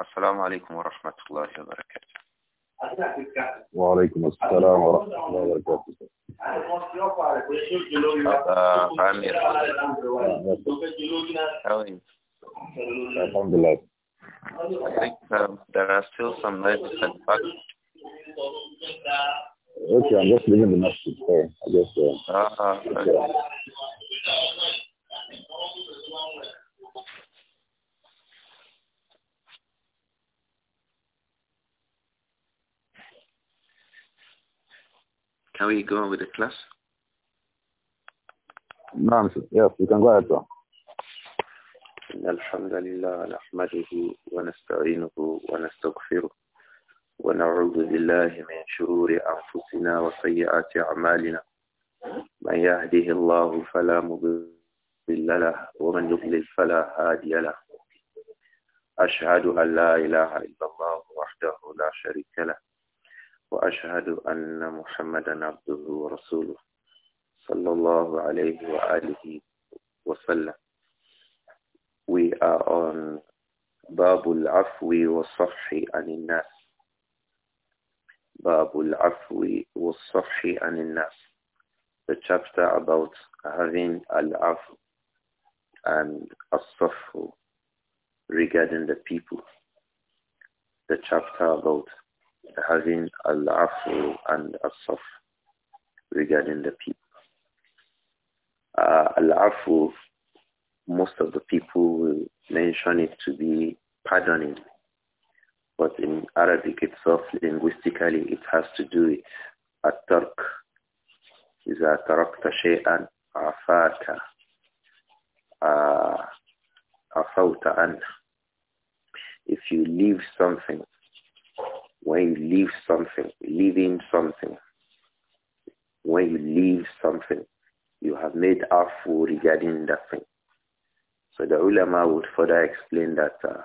السلام عليكم ورحمة الله وبركاته وعليكم السلام ورحمة الله وبركاته عامر how are you Alhamdulillah I think um, there are still some nights and facts Okay, I'm just leaving the message. Sorry, I guess. Uh, uh, okay. okay. How are you going with the class? نعم Yes, you can go ahead, sir. إن الحمد لله نحمده ونستعينه ونستغفره ونعوذ بالله من شرور أنفسنا وسيئات أعمالنا من يهده الله فلا مضل له ومن يضلل فلا هادي له أشهد أن لا إله إلا الله وحده لا شريك له وأشهد أن محمدا عبده ورسوله صلى الله عليه وآله وسلم We are on باب العفو والصفح عن الناس باب العفو والصفح عن الناس The chapter about having al-afu and as-safu regarding the people. The chapter about having al-afu and al-saf regarding the people. Uh, al-afu, most of the people will mention it to be pardoning. But in Arabic itself, linguistically, it has to do with at-tark. إذا تركت شيئا عفاك عفوت عنه. If you leave something when you leave something, leaving something, when you leave something, you have made afu regarding that thing. So the ulama would further explain that uh,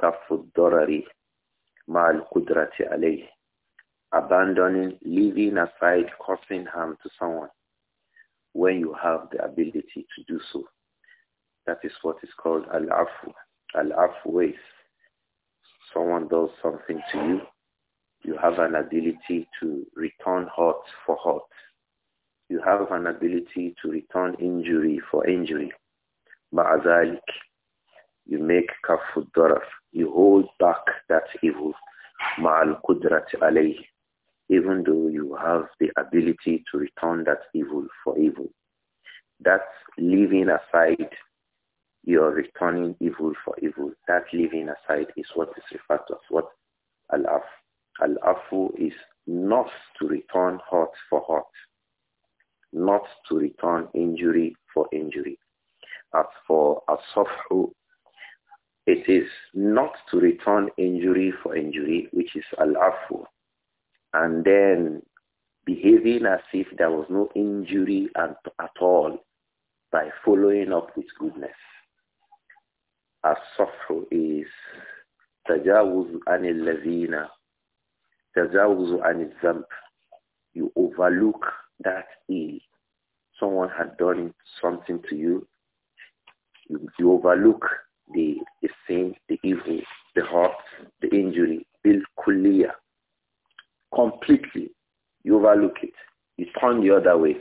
kafu dorari ma'al kudrati alay, Abandoning, leaving aside causing harm to someone when you have the ability to do so. That is what is called al-afu. Al-afu is someone does something to you you have an ability to return hurt for hurt. You have an ability to return injury for injury. Ma'azalik, you make kafud You hold back that evil. Ma'al kudrat alayh, even though you have the ability to return that evil for evil. That's leaving aside your returning evil for evil. That leaving aside is what is referred to as what? al Al-afu is not to return hurt for hurt, not to return injury for injury. As for as-safhu, is not to return injury for injury, which is al-afu, and then behaving as if there was no injury at, at all by following up with goodness. as is تجاوز عن الذين also an example. You overlook that ill. Someone had done something to you. You, you overlook the, the sin, the evil, the hurt, the injury, bill clear. Completely. You overlook it. You turn the other way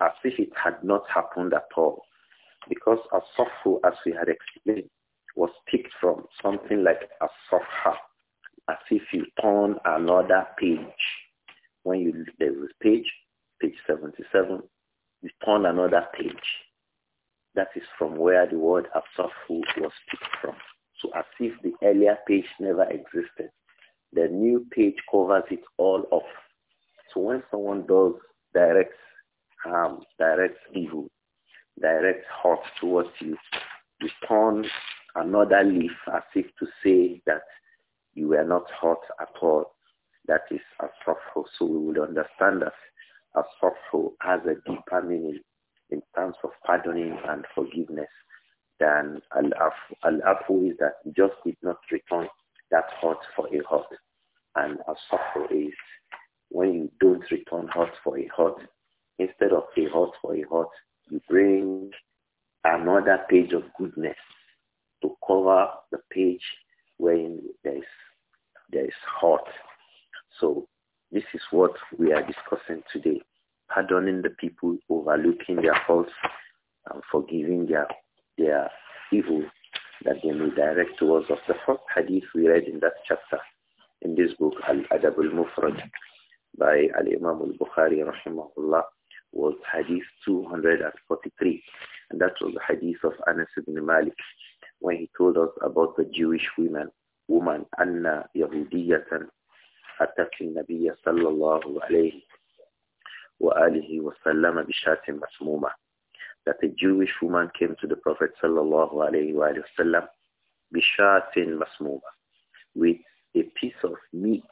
as if it had not happened at all. Because as sorrowful as we had explained, was picked from something like a sofha, as if you turn another page. When you there's a page, page 77, you turn another page. That is from where the word absorption was picked from. So as if the earlier page never existed. The new page covers it all up. So when someone does direct harm, um, direct evil, direct hurt towards you, you turn another leaf as if to say that you were not hot at all. That is a Asafhu. So we will understand that a Asafhu has a deeper meaning in terms of pardoning and forgiveness than a afu is that just did not return that hot for a hot. And a Asafhu is when you don't return hot for a hot. Instead of a hot for a hot, you bring another page of goodness to cover the page when there is, there is hot, So this is what we are discussing today. Pardoning the people, overlooking their faults, and forgiving their, their evil that they may direct towards us. The first hadith we read in that chapter in this book, Al-Adab al-Mufrad, by Al-Imam al-Bukhari, rahimahullah, was hadith 243. And that was the hadith of Anas ibn Malik when he told us about the Jewish women, woman Anna Yahudiyatan أتت النبي صلى الله عليه وآله وسلم بشاة مسمومة that a Jewish woman came to the Prophet صلى الله عليه وآله وسلم بشاة مسمومة with a piece of meat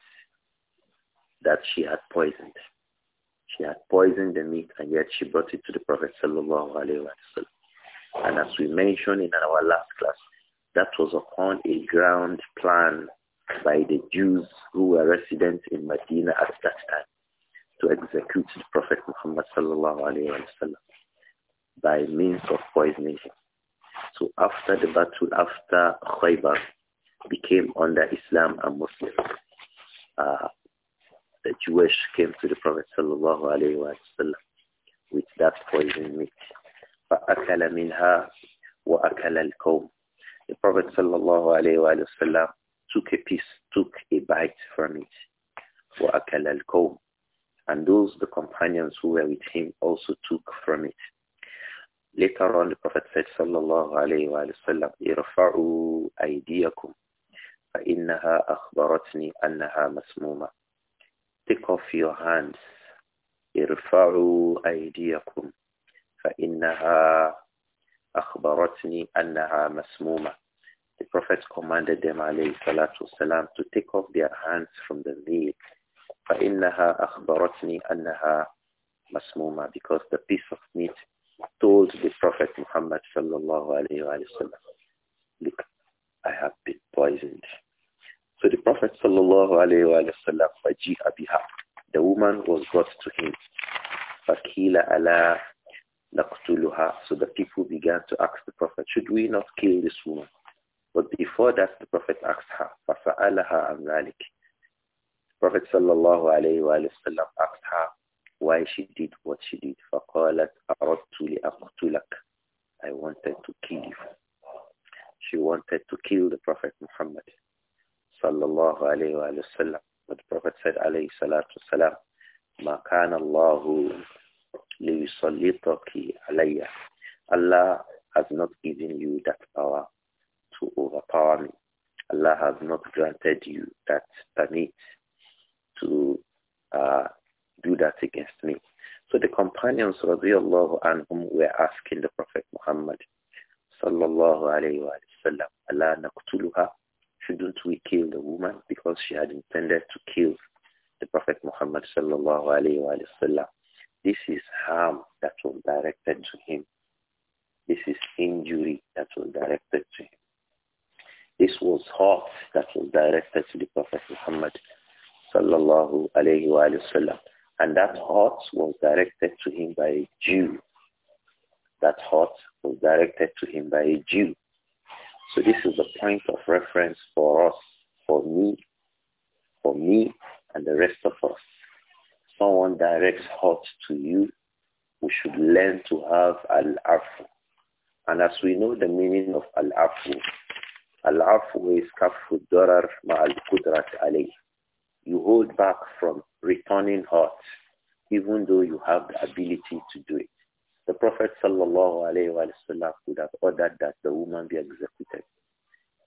that she had poisoned. She had poisoned the meat and yet she brought it to the Prophet sallallahu alayhi wa sallam. And as we mentioned in our last class, that was upon a ground plan by the Jews who were residents in Medina at that time to execute the Prophet Muhammad sallallahu alayhi wa sallam by means of poisoning him. So after the battle, after Khaybar became under Islam and Muslim, uh, the Jewish came to the Prophet sallallahu alayhi wa sallam with that poison meat. فأكل منها وأكل الكوم The Prophet sallallahu alayhi wa sallam took a piece, took a bite from it. وأكل الكوم And those, the companions who were with him, also took from it. Later on, the Prophet said, sallallahu alayhi wa sallam, ارفعوا أيديكم فإنها أخبرتني أنها مسمومة. Take off your hands. ارفعوا أيديكم فإنها أخبرتني أنها مسمومة the Prophet commanded them والسلام, to take off their hands from the veil. فَإِنَّهَا أَخْبَرَتْني أَنَّهَا مَسْمُومَةً Because the piece of meat told the Prophet Muhammad sallallahu alayhi wa sallam, look, I have been poisoned. So the Prophet sallallahu alayhi wa sallam, فَجِئَ بِهَا The woman was brought to him. فَكِيلَ أَلَا naqtuluha. So the people began to ask the Prophet, should we not kill this woman? But before that, the Prophet asked her, فَسَأَلَهَا عَنْ ذَلِكِ Prophet sallallahu alayhi wa sallam asked her why she did what she did. فَقَالَتْ أَرَدْتُ لِأَقْتُلَكَ I wanted to kill you. She wanted to kill the Prophet Muhammad sallallahu alayhi wa sallam. But the Prophet said alayhi salatu salam, مَا كَانَ اللَّهُ Allah has not given you that power to overpower me. Allah has not granted you that permit to uh, do that against me. So the companions radiallahu anhum were asking the Prophet Muhammad sallallahu alayhi wa sallam, Allah naqtuluha, shouldn't we kill the woman because she had intended to kill the Prophet Muhammad sallallahu alayhi wa sallam. This is harm that was directed to him. This is injury that was directed to him. This was hurt that was directed to the Prophet Muhammad sallallahu alayhi wa sallam. And that hurt was directed to him by a Jew. That hurt was directed to him by a Jew. So this is a point of reference for us, for me, for me and the rest of us someone directs hurt to you, we should learn to have al-afu. And as we know the meaning of al-afu, al-afu is kafu darar ma'al kudrat alayh. You hold back from returning hurt, even though you have the ability to do it. The Prophet sallallahu alayhi wa sallam could have ordered that the woman be executed.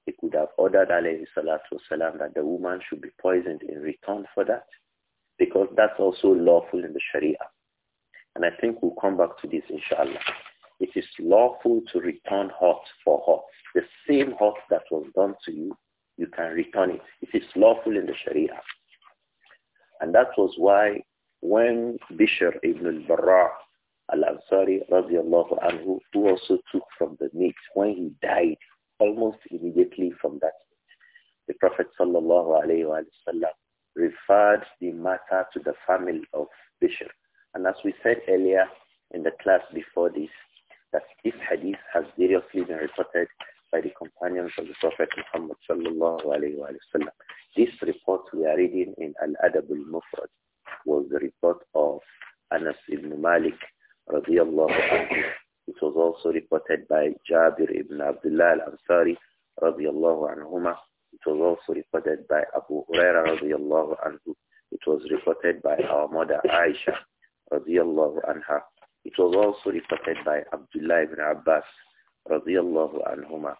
He could have ordered alayhi salatu wasalam that the woman should be poisoned in return for that because that's also lawful in the Sharia. And I think we'll come back to this, inshallah. It is lawful to return hot for hot. The same hot that was done to you, you can return it. It is lawful in the Sharia. And that was why when Bishr ibn al-Barra al-Ansari radiallahu anhu, who also took from the meat, when he died almost immediately from that meat, the Prophet sallallahu alayhi wa sallam referred the matter to the family of Bishop, And as we said earlier in the class before this, that this hadith has seriously been reported by the companions of the Prophet Muhammad sallallahu alayhi wa sallam. This report we are reading in Al-Adab al-Mufrad was the report of Anas ibn Malik radiallahu anhu. It was also reported by Jabir ibn Abdullah al-Ansari radiallahu anhumah it was also reported by Abu Huraira radiallahu anhu. It was reported by our mother Aisha radiallahu anha. It was also reported by Abdullah ibn Abbas radiallahu anhuma.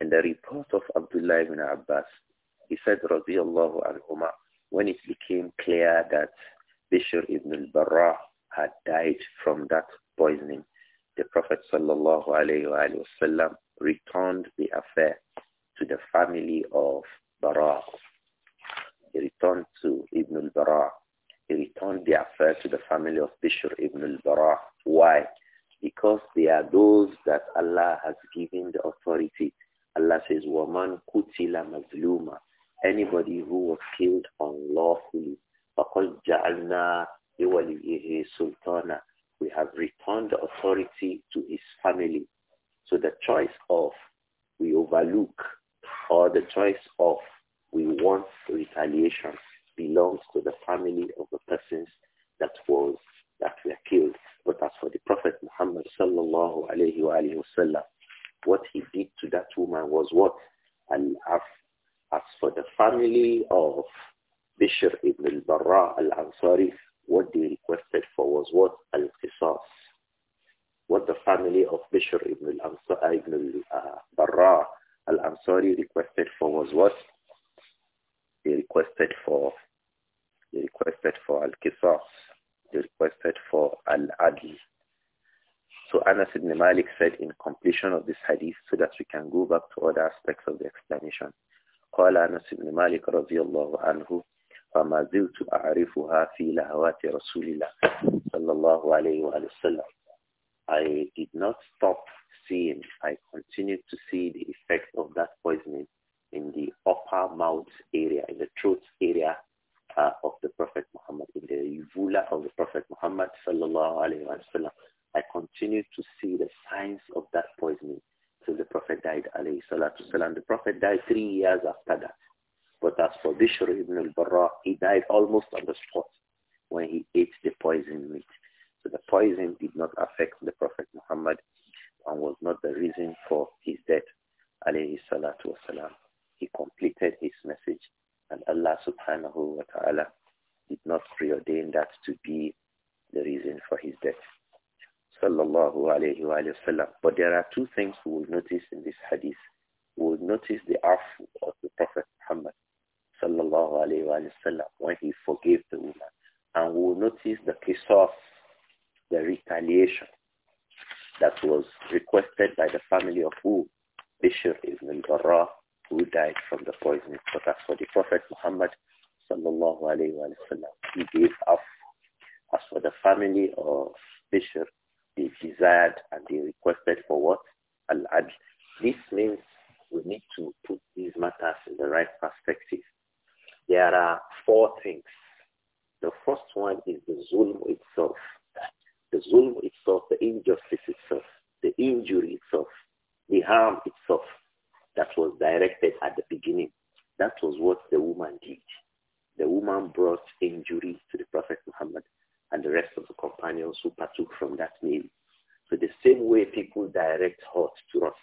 In the report of Abdullah ibn Abbas, he said radiallahu anhuma, when it became clear that Bishr ibn al-Barra had died from that poisoning, the Prophet sallallahu alayhi wa returned the affair to the family of Bara. He returned to Ibn al-Bara. He returned the affair to the family of Bishr ibn al-Bara. Why? Because they are those that Allah has given the authority. Allah says, "Woman kutila mazluma." Anybody who was killed unlawfully, because جَعَلْنَا لِوَلِيِّهِ سُلْطَانًا We have returned the authority to his family. So the choice of we overlook or the choice of we want retaliation belongs to the family of the persons that was that were killed. But as for the Prophet Muhammad sallallahu alayhi wa alayhi what he did to that woman was what? And as, as for the family of Bishr ibn al-Barra al-Ansari, what they requested for was what? Al-Qisas. What the family of Bishr ibn al-Barra Al-Ansari requested for was what? He requested for, he requested for Al-Qisas. He requested for Al-Adl. So Anas ibn Malik said in completion of this hadith so that we can go back to other aspects of the explanation. قال أنس بن مالك رضي الله عنه فما زلت أعرفها في لهوات رسول الله صلى الله عليه وآله وسلم I did not stop seeing. I continued to see the effect of that poisoning in the upper mouth area, in the throat area uh, of the Prophet Muhammad, in the uvula of the Prophet Muhammad sallallahu alaihi wasallam. I continued to see the signs of that poisoning till the Prophet died alayhi salatu The Prophet died three years after that. But as for Bishr ibn al-Barra, he died almost on the spot when he ate the poisoned meat. So the poison did not affect the Prophet Muhammad and was not the reason for his death. Alayhi salatu wasalam. He completed his message and Allah subhanahu wa ta'ala did not preordain that to be the reason for his death. Sallallahu alayhi wa sallam. But there are two things we will notice in this hadith. We will notice the afu of the Prophet Muhammad sallallahu alayhi wa sallam when he forgave the woman. And we will notice the kisaf the retaliation that was requested by the family of who? Bishr ibn al-Barra, who died from the poison. But as for the Prophet Muhammad, sallallahu alayhi wa sallam, he gave up. As for the family of Bishr, they desired and they requested for what? Al-Adl. This means we need to put these matters in the right perspective. There are four things. The first one is the Zulm itself. The zulm itself, the injustice itself, the injury itself, the harm itself that was directed at the beginning. That was what the woman did. The woman brought injury to the Prophet Muhammad and the rest of the companions who partook from that meal. So the same way people direct hurt to us,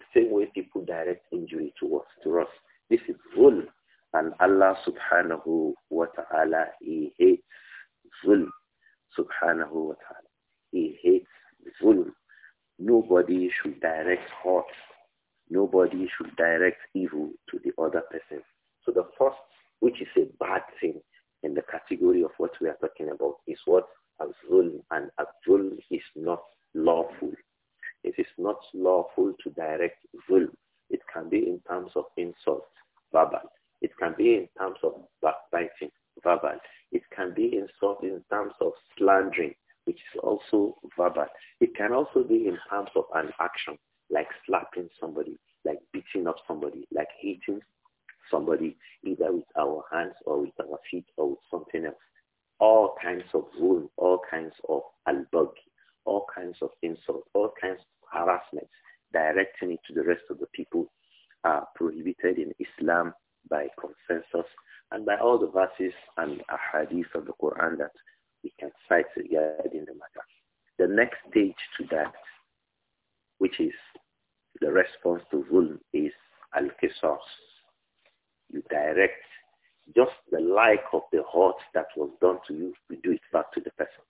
the same way people direct injury to us, to us. This is zulm. And Allah subhanahu wa ta'ala, he hates zulm subhanahu wa ta'ala. He hates zulm. Nobody should direct hurt. Nobody should direct evil to the other person. So the first, which is a bad thing in the category of what we are talking about, is what zulm and Abzul is not lawful. It is not lawful to direct zulm. It can be in terms of insult, verbal. It can be in terms of backbiting verbal. It can be insult in terms of slandering, which is also verbal. It can also be in terms of an action, like slapping somebody, like beating up somebody, like hitting somebody, either with our hands or with our feet or with something else. All kinds of wounds, all kinds of albug, all kinds of insults, all kinds of harassment, directing it to the rest of the people are prohibited in Islam by consensus and by all the verses and ahadith of the Quran that we can cite regarding the matter. The next stage to that, which is the response to zulm, is al-qisas. You direct just the like of the hurt that was done to you, you do it back to the person.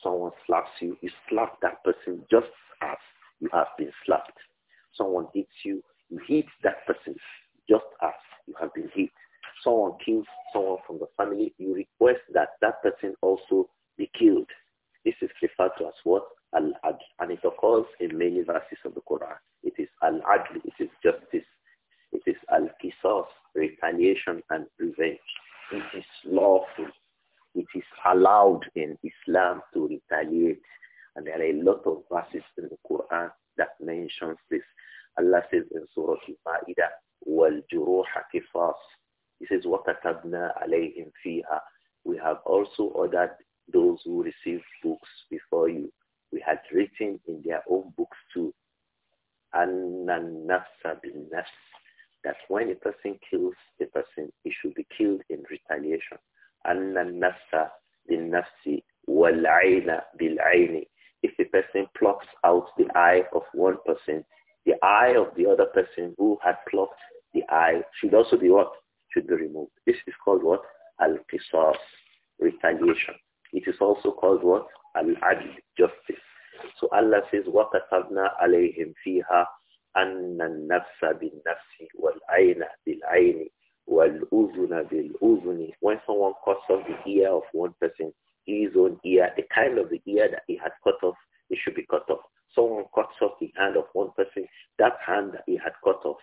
Someone slaps you, you slap that person just as you have been slapped. Someone hits you, you hit that person just as you have been hit someone kills someone from the family, you request that that person also be killed. This is referred to as what? Al-Adl. And it occurs in many verses of the Quran. It is Al-Adl. It is justice. It is Al-Qisas, retaliation and revenge. It is lawful. It is allowed in Islam to retaliate. And there are a lot of verses in the Quran that mentions this. Allah says in Surah Al-Ma'idah, وَالْجُرُوحَ كِفَاسٌ كَتَبْنَا عَلَيْهِمْ We have also ordered those who received books before you. We had written in their own books too, bin Nas, That when a person kills a person, he should be killed in retaliation. أَنَّ النَّفْسَ بِالنَّفْسِ وَالْعَيْنَ بِالْعَيْنِ If a person plucks out the eye of one person, the eye of the other person who had plucked the eye should also be what? should be removed. This is called what? Al-Qisas, retaliation. It is also called what? Al-Adl, justice. So Allah says, وَكَتَبْنَا عَلَيْهِمْ فِيهَا أَنَّ النَّفْسَ بِالنَّفْسِ وَالْعَيْنَ بِالْعَيْنِ وَالْأُذُنَ بِالْأُذُنِ When someone cuts off the ear of one person, his own ear, the kind of the ear that he had cut off, it should be cut off. Someone cuts off the hand of one person, that hand that he had cut off,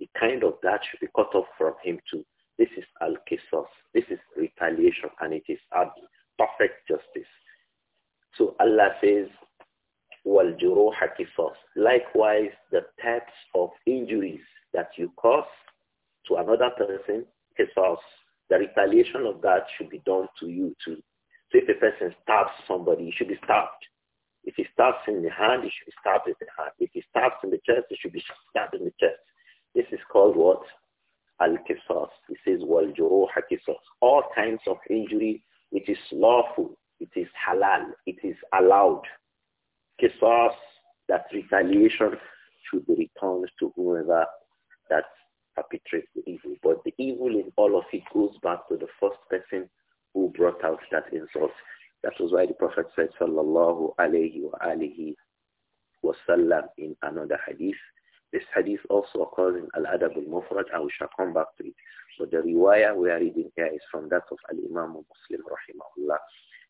the kind of that should be cut off from him too. This is al-qisas. This is retaliation and it is abdi, perfect justice. So Allah says, وَالْجُرُوحَ قِصَاص Likewise, the types of injuries that you cause to another person, qisas, the retaliation of that should be done to you too. So if a person stabs somebody, he should be stabbed. If he stabs in the hand, he should be stabbed in the hand. If he stabs in the chest, he should be stabbed in the chest. This is called what? al kisas He says, Wal-Juruha All kinds of injury, it is lawful, it is halal, it is allowed. Kisas, that retaliation should be returned to whoever that perpetrates the evil. But the evil in all of it goes back to the first person who brought out that insult. That was why the Prophet said, Sallallahu alayhi wa alihi wasallam in another hadith, this hadith also occurs in Al-Adab al-Mufraj, and we shall come back to it. But the riwaya we are reading here is from that of Al-Imam Muslim, rahimahullah.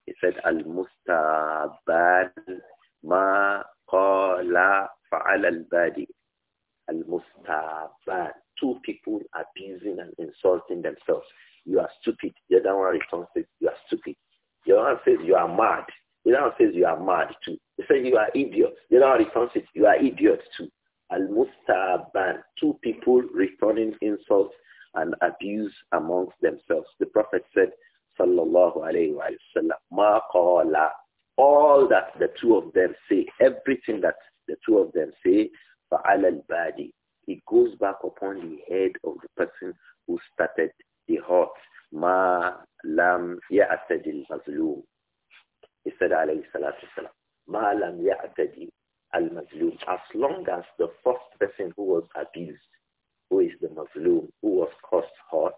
He said, Al-Mustaban ma qala fa'ala al-badi. Al-Mustaban. Two people abusing and insulting themselves. You are stupid. The other one returns says, you are stupid. The other one says, you are mad. The other one says, you are mad too. He says, you are idiot. The other one returns it, you are idiot too. Al-Musta'aban, two people returning insults and abuse amongst themselves. The Prophet said, Sallallahu Alaihi Wasallam, Ma qala, all that the two of them say, everything that the two of them say, fa'al al-badi, it goes back upon the head of the person who started the hurt. Ma lam ya'tadil mazlum. He said, alayhi salatu salam, ma lam al-mazlum, as long as the first person who was abused, who is the mazlum, who was caused hurt,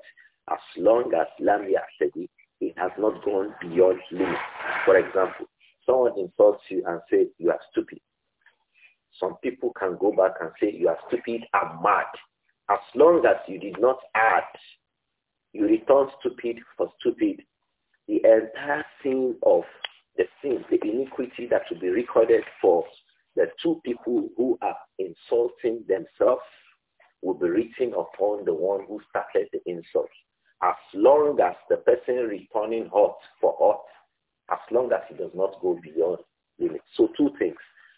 as long as lam it, he has not gone beyond limits. For example, someone insults you and says you are stupid. Some people can go back and say you are stupid and mad. As long as you did not add, you return stupid for stupid. The entire sin of the sin, the iniquity that will be recorded for the two people who are insulting themselves will be written upon the one who started the insult. As long as the person returning hurt for hurt, as long as it does not go beyond limits. So two things.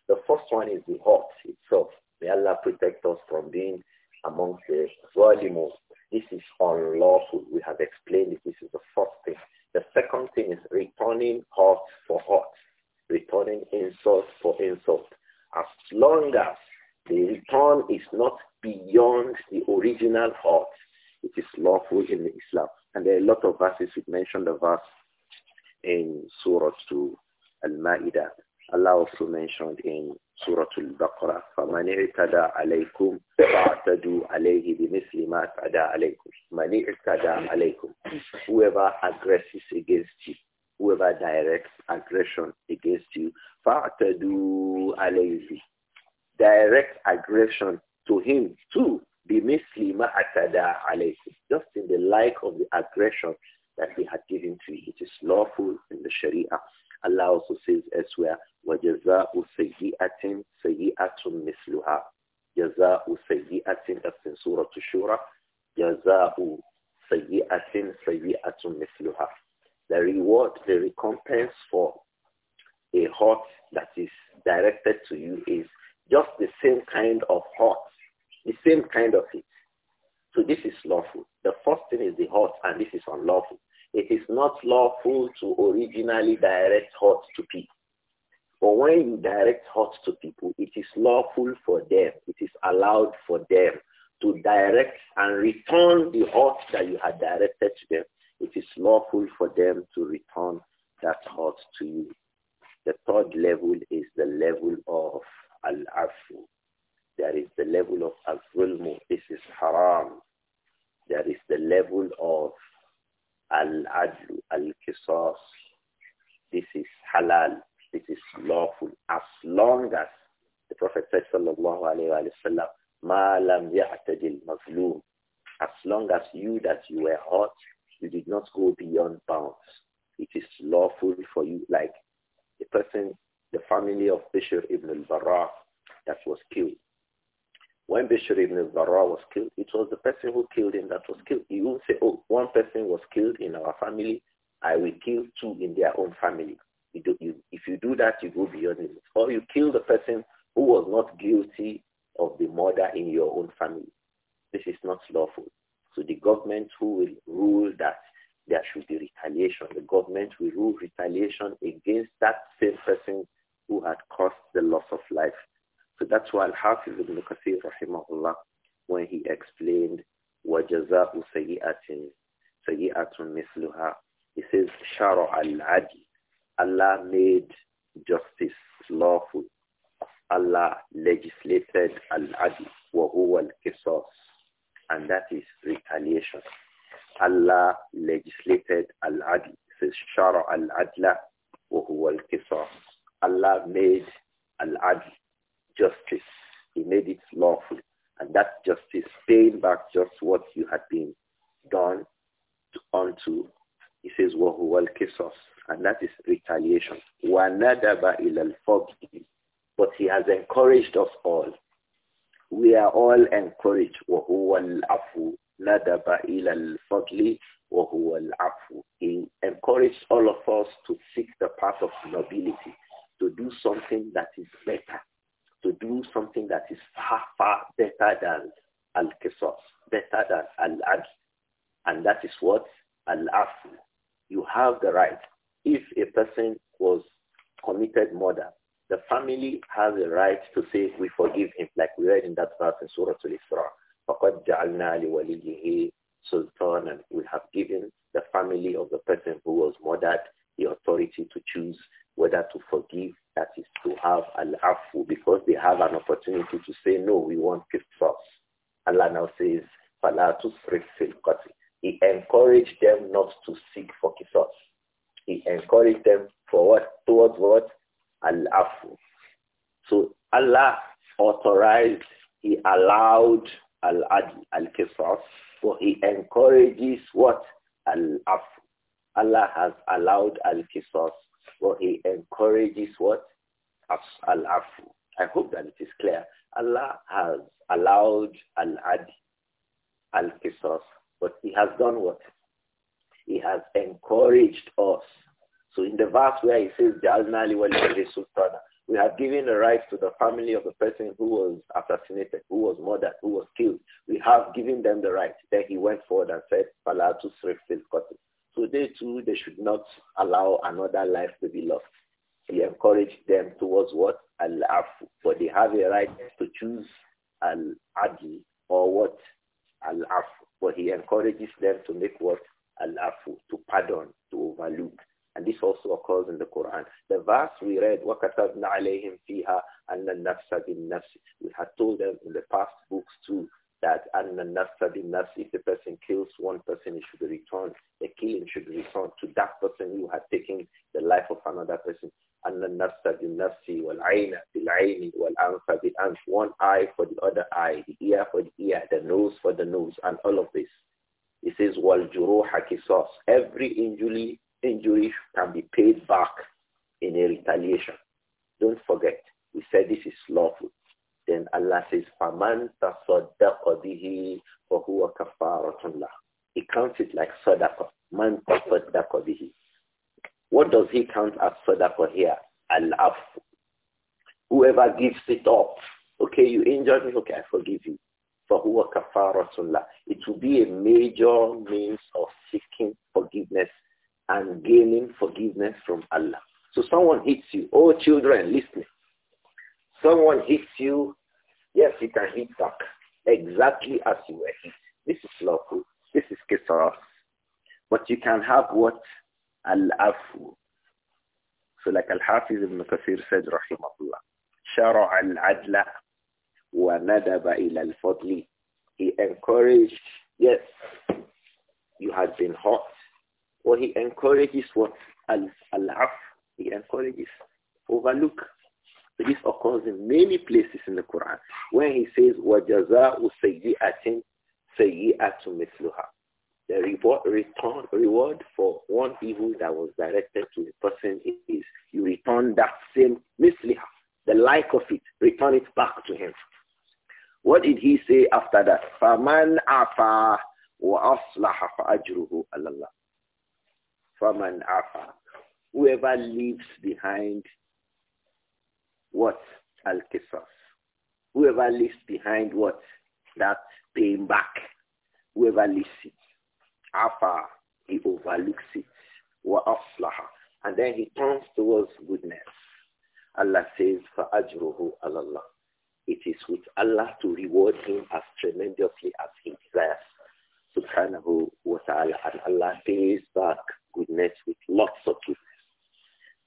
The first one is the hurt itself. May Allah protect us from being amongst the Zalimos. This is unlawful. We have explained it. This is the first thing. The second thing is returning hurt for hurt, returning insult for insult as long as the return is not beyond the original heart, it is lawful in Islam. And there are a lot of verses which mentioned the verse in Surah to Al-Ma'idah. Allah also mentioned in Surah Al-Baqarah, فَمَنِ اعْتَدَى عَلَيْكُمْ فَاعْتَدُوا عَلَيْهِ بِمِثْلِ مَا اعْتَدَى عَلَيْكُمْ مَنِ اعْتَدَى عَلَيْكُمْ Whoever aggresses against you, whoever directs aggression against you, فَاعْتَدُوا alayhi, Direct aggression to him too, be مَا اعْتَدَى Just in the like of the aggression that he had given to you. It is lawful in the Sharia. Allah also says elsewhere, وَجَزَاءُ سَيِّئَةٍ سَيِّئَةٌ مِثْلُهَا جَزَاءُ سَيِّئَةٍ أَفْتِنْ سُورَةُ الشُّورَةِ جَزَاءُ سَيِّئَةٍ سَيِّئَةٌ مِثْلُهَا the reward, the recompense for a heart that is directed to you is just the same kind of heart, the same kind of it. So this is lawful. The first thing is the heart, and this is unlawful. It is not lawful to originally direct hearts to people. But when you direct hearts to people, it is lawful for them. It is allowed for them to direct and return the heart that you had directed to them it is lawful for them to return that heart to you. The third level is the level of al-afu. That is the level of al-zulmu. This is haram. That is the level of al-adlu, al-kisas. This is halal. This is lawful. As long as the Prophet said, sallallahu alayhi wasallam, ma lam ya'tadil mazlum. As long as you that you were hurt you did not go beyond bounds. It is lawful for you, like the person, the family of Bishr ibn al that was killed. When Bishr ibn al was killed, it was the person who killed him that was killed. You won't say, oh, one person was killed in our family, I will kill two in their own family. You do, you, if you do that, you go beyond limits. Or you kill the person who was not guilty of the murder in your own family. This is not lawful. So the government who will rule that there should be retaliation, the government will rule retaliation against that same person who had caused the loss of life. So that's why Al-Hafiz ibn Kathir, rahimahullah, when he explained وَجَزَاءُ سَيِّئَةٍ سَيِّئَةٌ مِثْلُهَا He says, شَرَعَ الْعَدِي Allah made justice lawful. Allah legislated al-adl wa huwa and that is retaliation. Allah legislated al-adl. says, Shara al-adla Allah made al-adl, justice. He made it lawful. And that justice paying back just what you had been done unto. He says, "Wahu al-qisas. And that is retaliation. Wa nadaba ila al But he has encouraged us all we are all encouraged. وَهُوَ نَدَبَ إِلَى الْفَضْلِ وَهُوَ He encouraged all of us to seek the path of nobility, to do something that is better, to do something that is far, far better than al-qisas, better than al-adl. And that is what al-afu. You have the right. If a person was committed murder the family has a right to say we forgive him, like we read in that verse in Surah Al-Isra. فَقَدْ جَعَلْنَا لِوَلِيِّهِ سُلْطَانًا We have given the family of the person who was murdered the authority to choose whether to forgive, that is to have al-afu, because they have an opportunity to say, no, we want kifas. Allah now says, فَلَا تُسْرِفْ فِي He encouraged them not to seek for kifas. He encouraged them for what? Towards what? al-afu. So Allah authorized, he allowed al-adl, al-qisas, so he encourages what? Al-afu. Allah has allowed al kisar so he encourages what? Al-afu. I hope that it is clear. Allah has allowed al-adl, al-qisas, but he has done what? He has encouraged us so in the verse where he says, Jalnali Wali Sultana, we have given the right to the family of the person who was assassinated, who was murdered, who was killed. We have given them the right. Then he went forward and said, Palatu Srifil Kotu. So they too, they should not allow another life to be lost. He encouraged them towards what? Al-Afu. But they have a right to choose al adi or what? Al-Afu. But he encourages them to make what? Al-Afu, to pardon, to overlook. And this also occurs in the Quran. The verse we read, وَكَتَبْنَا عَلَيْهِمْ فِيهَا أَنَّ النَّفْسَ بِالنَّفْسِ We had told them in the past books too that أَنَّ النَّفْسَ بِالنَّفْسِ If the person kills one person, it should be returned. The killing should be returned to that person who had taken the life of another person. أَنَّ النَّفْسَ بِالنَّفْسِ وَالْعَيْنَ بِالْعَيْنِ وَالْأَنْفَ بِالْأَنْفِ One eye for the other eye, the ear for the ear, the nose for the nose, and all of this. It says, وَالْجُرُوحَ كِسَاسِ Every injury injury can be paid back in a retaliation. Don't forget, we said this is lawful. Then Allah says, فَمَنْ تَصَدَّقَ بِهِ فَهُوَ كَفَّارَةٌ لَهُ He counts it like sadaqah. مَنْ تَصَدَّقَ بِهِ What does he count as sadaqah here? Al-afu. Whoever gives it up. Okay, you injured me. Okay, I forgive you. فَهُوَ كَفَّارَةٌ لَهُ It will be a major means of seeking forgiveness and gaining forgiveness from Allah. So someone hits you. Oh, children, listen. Someone hits you. Yes, he can hit back exactly as you were hit. This is lawful. This is kisaraf. But you can have what? Al-afu. So like Al-Hafiz ibn Kathir said, rahimahullah, wa العدل ila al Fadli. He encouraged, yes, you had been hot. Or he encourages what? Al-af. He encourages overlook. this occurs in many places in the Quran. When he says, وَجَزَاءُ سَيِّئَةٍ سَيِّئَةٌ مِثْلُهَا The reward, return, reward for one evil that was directed to a person is you return that same misliha, the like of it, return it back to him. What did he say after that? فَمَنْ عَفَى وَأَصْلَحَ فَأَجْرُهُ عَلَى اللَّهِ Whoever leaves behind what? Al-Qisas. Whoever leaves behind what? That paying back. Whoever leaves it. Afa, he overlooks it. Wa And then he turns towards goodness. Allah says, فَأَجْرُهُ عَلَى اللَّهِ It is with Allah to reward him as tremendously as he desires. Subhanahu wa ta'ala. And Allah pays back goodness with lots of goodness.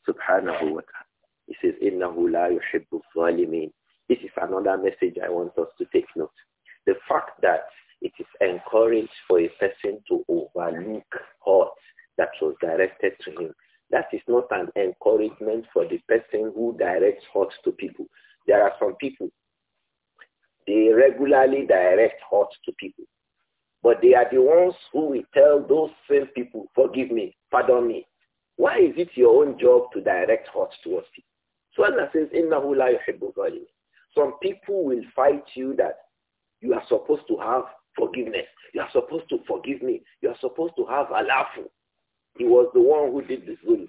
Subhanahu wa ta'ala. He says, إِنَّهُ la يُحِبُّ الظَّالِمِينَ This is another message I want us to take note. The fact that it is encouraged for a person to overlook hurt that was directed to him. That is not an encouragement for the person who directs hurt to people. There are some people, they regularly direct hurt to people. But they are the ones who will tell those same people, forgive me, pardon me. Why is it your own job to direct hurt towards people? So Allah says, إِنَّهُ لَا Some people will fight you that you are supposed to have forgiveness. You are supposed to forgive me. You are supposed to have alafu. He was the one who did the zulm.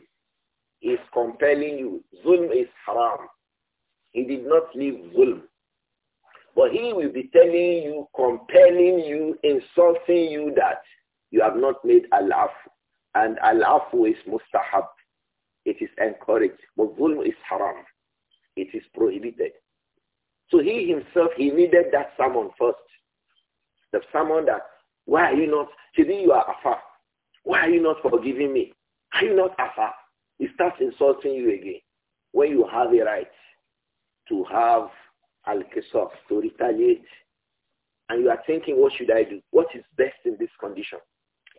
He is compelling you. Zulm is haram. He did not leave zulm. But he will be telling you, compelling you, insulting you that you have not made al And al is mustahab. It is encouraged. But zulm is haram. It is prohibited. So he himself, he needed that sermon first. The sermon that, why are you not, Shidi, you are afar. Why are you not forgiving me? Are you not afar? He starts insulting you again when you have a right to have al-qisas, to retaliate. And you are thinking, what should I do? What is best in this condition?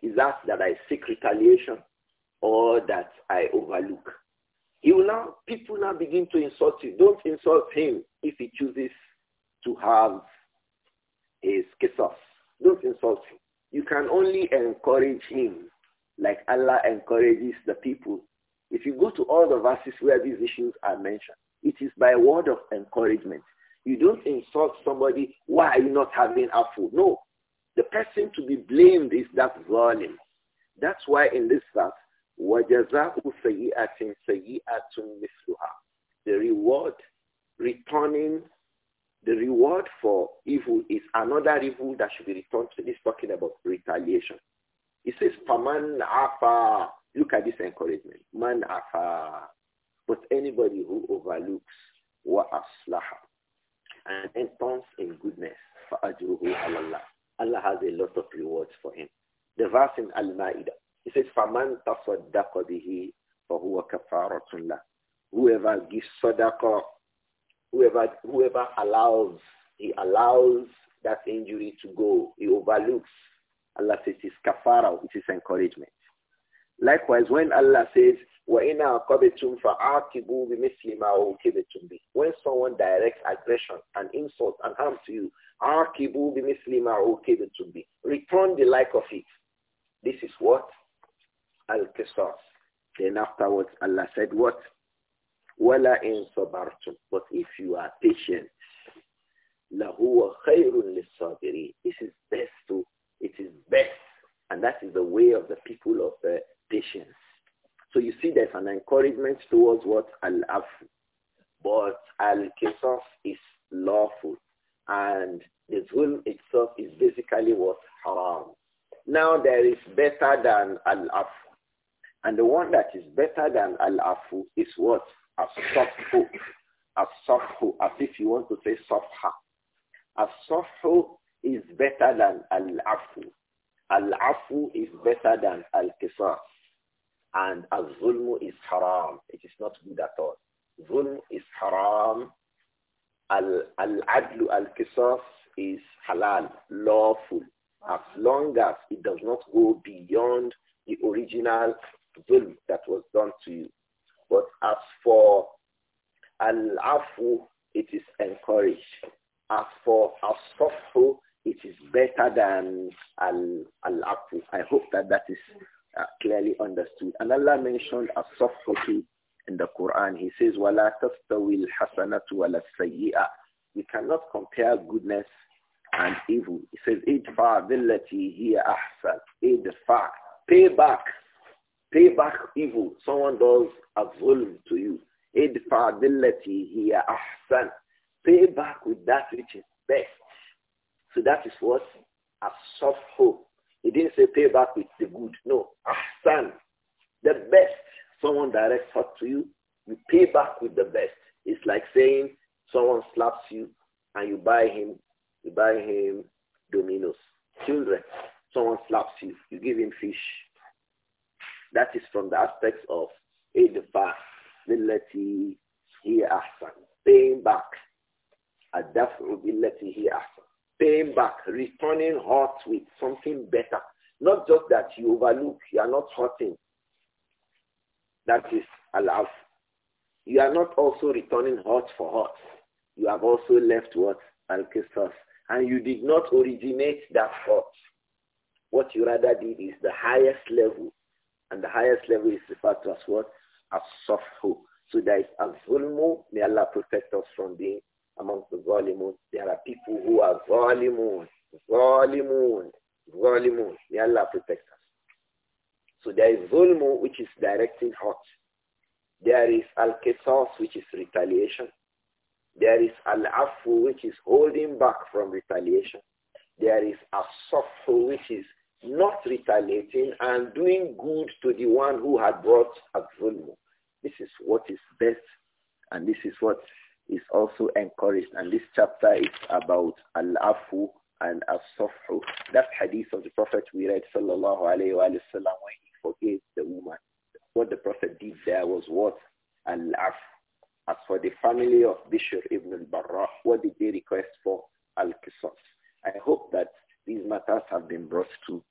Is that that I seek retaliation or that I overlook? He will now, people now begin to insult you. Don't insult him if he chooses to have his qisas. Don't insult him. You can only encourage him like Allah encourages the people. If you go to all the verses where these issues are mentioned, it is by word of encouragement. You don't insult somebody, why are you not having food? No. The person to be blamed is that zalim. That's why in this verse, وَجَزَاءُ سَيِّئَةٍ سَيِّئَةٌ مِثْلُهَا The reward returning, the reward for evil is another evil that should be returned to this talking about retaliation. It says, فَمَنْ عَفَى Look at this encouragement. Man afa. But anybody who overlooks wa aslaha and then in goodness. Allah. Allah has a lot of rewards for him. The verse in Al-Ma'idah, it says, فَمَنْ تَصَدَّقَ بِهِ فَهُوَ كَفَارَةٌ لَهُ Whoever gives sadaqah, whoever, whoever allows, he allows that injury to go. He overlooks. Allah says it's kafara, which is encouragement. Likewise, when Allah says, وَإِنْ عَقَبْتُمْ فَعَاقِبُوا بِمِثْلِ مَا عُوقِبْتُمْ بِهِ When someone directs aggression and insult and harm to you, عَاقِبُوا بِمِثْلِ مَا عُوقِبْتُمْ بِهِ Return the like of it. This is what? Al-Qisas. Then afterwards, Allah said what? وَلَا إِن صَبَرْتُمْ But if you are patient, لَهُوَ خَيْرٌ لِلصَّابِرِينَ This is best to, it is best. And that is the way of the people of uh, patience. So you see there's an encouragement towards what al-afu. But al-kisaf is lawful. And the zulm itself is basically what haram. Now there is better than al-afu. And the one that is better than al-afu is what? As-safu. As-safu. As if you want to say safha. As-safu is better than al-afu. Al-afu is better than al-kisaf. And al-zulmu is haram. It is not good at all. Zulm is haram. Al-adlu al-qisas is halal, lawful, as long as it does not go beyond the original zulm that was done to you. But as for al-afu, it is encouraged. As for as-safu, is better than al-afu. I hope that that is clearly understood. And Allah mentioned a soft safatu in the Quran. He says, "Wala تَسْتَوِي الْحَسَنَةُ وَلَا السَّيِّئَةُ We cannot compare goodness and evil. He says, idfa billati hiya ahsan. Idfa. Pay back. Pay back evil. Someone does a zulm to you. Idfa billati hiya ahsan. Pay back with that which is best. So that is what? A soft hope he didn't say pay back with the good. No. Ahsan. The best. Someone directs hurt to you, you pay back with the best. It's like saying someone slaps you and you buy him, you buy him dominoes. Children, someone slaps you, you give him fish. That is from the aspects of The millati, here ahsan. Paying back. Adafu billati here ahsan paying back, returning hurt with something better. Not just that you overlook, you are not hurting. That is allowed. You are not also returning hurt for hurt. You have also left what? Al-Qisas. And you did not originate that hurt. What you rather did is the highest level. And the highest level is referred to as what? As hope. So that is is May Allah protect us from being amongst the Zalimun. There are people who are Zalimun, Zalimun, Zalimun. May Allah protect us. So there is Zulmu, which is directing hot. There is Al-Qisas, which is retaliation. There is Al-Afu, which is holding back from retaliation. There Asafu, As-Safu, which is not retaliating and doing good to the one who had brought a zulmu This is what is best and this is what is also encouraged. And this chapter is about al-afu and as-safhu. That hadith of the Prophet we read, sallallahu alayhi wa sallam, when he forgave the woman. What the Prophet did there was what? al afu As for the family of Bishr ibn al-Barrah, what did they request for? Al-Qisas. I hope that these matters have been brought to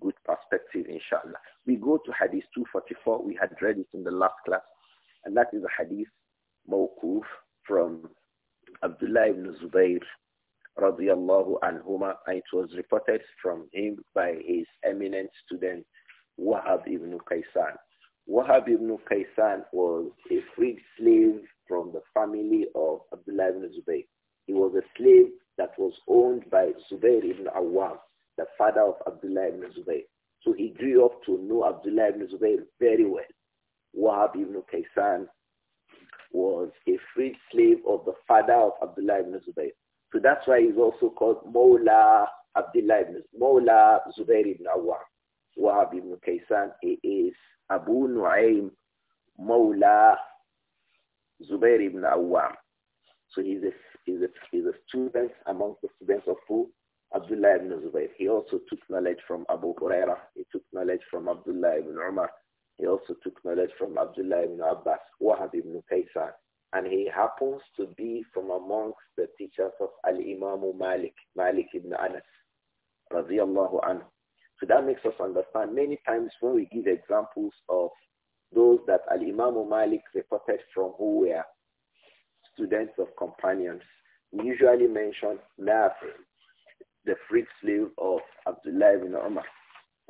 good perspective, inshallah. We go to hadith 244. We had read it in the last class. And that is a hadith mawkuf from Abdullah ibn Zubayr radiallahu anhuma. It was reported from him by his eminent student Wahab ibn Qaysan. Wahab ibn Qaysan was a freed slave from the family of Abdullah ibn Zubayr. He was a slave that was owned by Zubayr ibn Awam, the father of Abdullah ibn Zubayr. So he grew up to know Abdullah ibn Zubayr very well. Wahab ibn Qaysan was freed slave of the father of Abdullah ibn Zubayr. So that's why he's also called Mawla Abdullah ibn Mawla Zubair ibn Awam. Wahab ibn Kaysan is Abu Nu'aym Mawla Zubair ibn Awam. So he's a, he's, a, he's a student amongst the students of who? Abdullah ibn Zubayr. He also took knowledge from Abu Huraira. He took knowledge from Abdullah ibn Umar. He also took knowledge from Abdullah ibn Abbas, Wahab ibn Kaysan, and he happens to be from amongst the teachers of Al-Imam Malik, Malik ibn Anas, radiallahu anhu. So that makes us understand many times when we give examples of those that Al-Imam Malik reported from who were students of companions, we usually mention Nafi, the freed slave of Abdullah ibn Umar.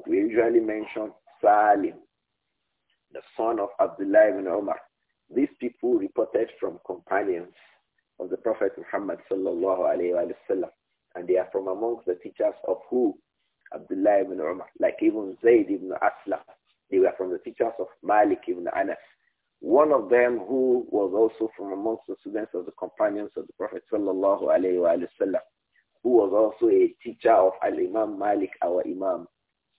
We usually mention Salim, the son of Abdullah ibn Umar. These people reported from companions of the Prophet Muhammad sallallahu alayhi wa sallam. And they are from amongst the teachers of who? Abdullah ibn Umar. Like even Zayd ibn Aslam. They were from the teachers of Malik ibn Anas. One of them who was also from amongst the students of the companions of the Prophet sallallahu alayhi wa sallam, who was also a teacher of Al-Imam Malik, our Imam,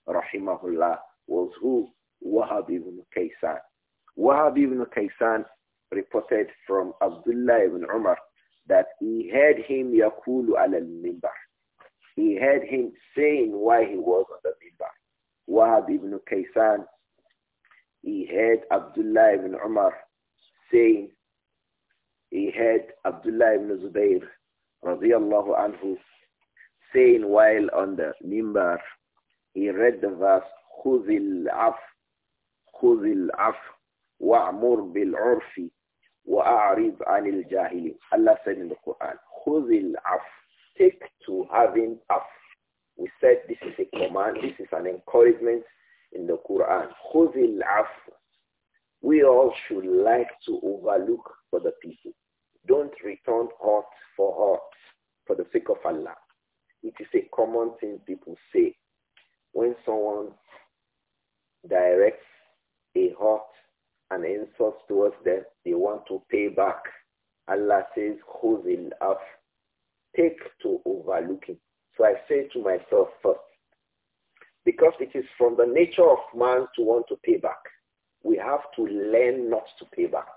rahimahullah, was who? Wahab ibn Kaysan. Wahab ibn Kaysan reported from Abdullah ibn Umar that he heard him yakulu al mimbar. He heard him saying why he was on the mimbar. Wahab ibn Kaysan, he heard Abdullah ibn Umar saying, he heard Abdullah ibn Zubayr radiallahu anhu saying while on the mimbar, he read the verse, خذ العف خذ العف بِالْعُرْفِ وَأَعْرِضْ عَنِ الْجَاهِلِينَ Allah said in the Quran, خُذِ الْعَفْ stick to having af. We said this is a command, this is an encouragement in the Quran. خُذِ الْعَفْ We all should like to overlook for the people. Don't return hurt for hurt for the sake of Allah. It is a common thing people say. When someone directs a hurt an insult towards them, they want to pay back. Allah says, "Who will have Take to overlooking. So I say to myself first, because it is from the nature of man to want to pay back. We have to learn not to pay back.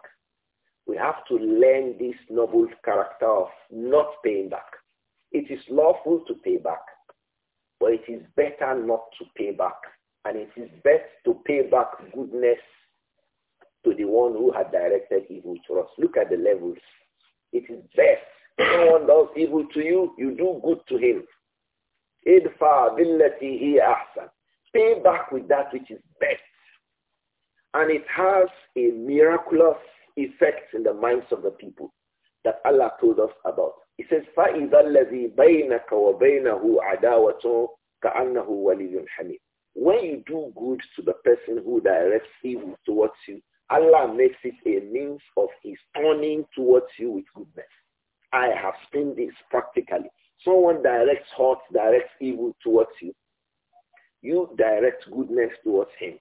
We have to learn this noble character of not paying back. It is lawful to pay back, but it is better not to pay back. And it is best to pay back goodness to the one who had directed evil to us. Look at the levels. It is best. Someone does evil to you, you do good to him. Idfa billati he ahsan. Pay back with that which is best. And it has a miraculous effect in the minds of the people that Allah told us about. He says, فَإِذَا الَّذِي بَيْنَكَ وَبَيْنَهُ عَدَاوَةٌ كَأَنَّهُ وَلِيٌّ حَمِيدٌ When you do good to the person who directs evil towards you, Allah makes it a means of his turning towards you with goodness. I have seen this practically. Someone directs hurt, directs evil towards you. You direct goodness towards him.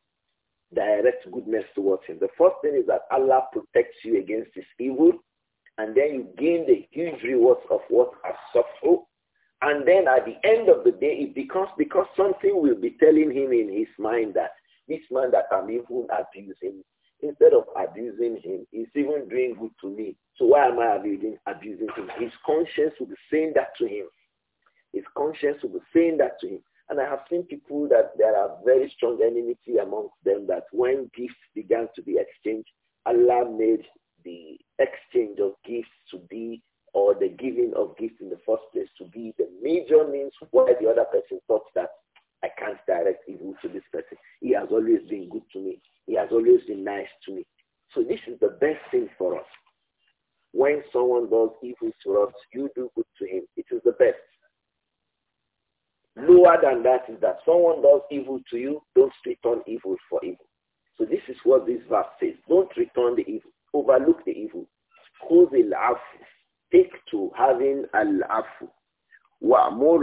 Direct goodness towards him. The first thing is that Allah protects you against this evil, and then you gain the huge rewards of what has suffered. And then at the end of the day, it becomes because something will be telling him in his mind that this man that I'm even abusing Instead of abusing him, he's even doing good to me. So why am I abusing, abusing him? His conscience will be saying that to him. His conscience will be saying that to him. And I have seen people that there are very strong enmity amongst them that when gifts began to be exchanged, Allah made the exchange of gifts to be or the giving of gifts in the first place to be the major means why the other person thought that someone does evil to us, you do good to him. It is the best. Lower than that is that someone does evil to you, don't return evil for evil. So this is what this verse says. Don't return the evil. Overlook the evil. the الْعَفْوِ Take to having al-afu.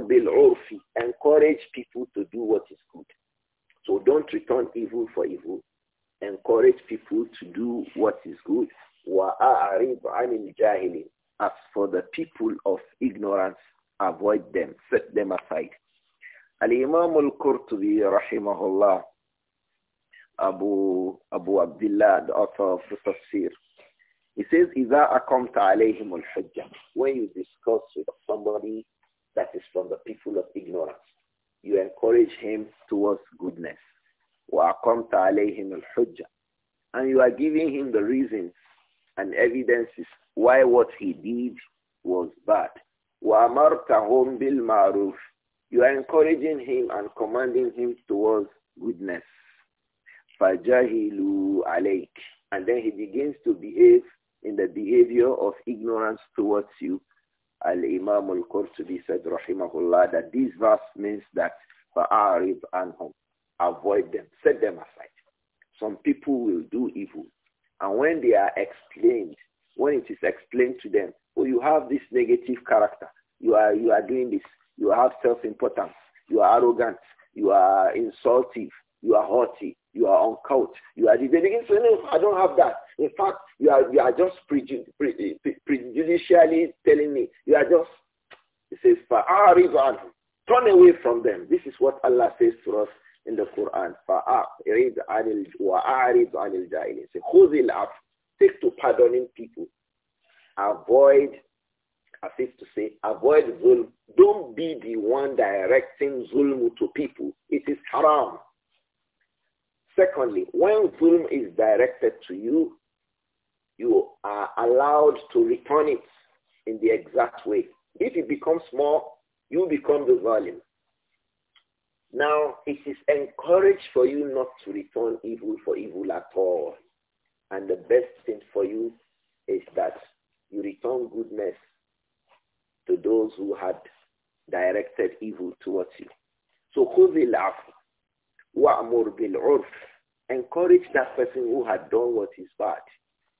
bil urfi Encourage people to do what is good. So don't return evil for evil. Encourage people to do what is good وَأَعْرِضْ عَنِ الْجَاهِلِينَ As for the people of ignorance, avoid them, set them aside. Al-Imam al-Qurtubi, rahimahullah, Abu, Abu Abdullah, the author of the Tafsir, he says, إِذَا أَقَمْتَ عَلَيْهِمُ الْحُجَّةِ When you discuss with somebody that is from the people of ignorance, you encourage him towards goodness. وَأَقَمْتَ عَلَيْهِمُ الْحُجَّةِ And you are giving him the reasons and evidences why what he did was bad. وَأَمَرْتَهُمْ You are encouraging him and commanding him towards goodness. Fajahilu alaik. And then he begins to behave in the behavior of ignorance towards you. Al-Imam al-Qurtubi said, rahimahullah, that this verse means that فَأَعْرِضْ anhum. Avoid them. Set them aside. Some people will do evil. And when they are explained, when it is explained to them, oh, you have this negative character. You are, you are doing this. You have self-importance. You are arrogant. You are insultive. You are haughty. You are uncouth. You are, they begin no, I don't have that. In fact, you are, you are just pre pre prejudicially telling me. You are just, it says, ah, turn away from them. This is what Allah says to us in the Quran. فَأَعْرِضْ Stick to pardoning people. Avoid, as if to say, avoid zulm. Don't be the one directing zulm to people. It is haram. Secondly, when zulm is directed to you, you are allowed to return it in the exact way. If it becomes more, you become the volume. Now, it is encouraged for you not to return evil for evil at all. And the best thing for you is that you return goodness to those who had directed evil towards you. So wa'mur bil urf. Encourage that person who had done what is bad.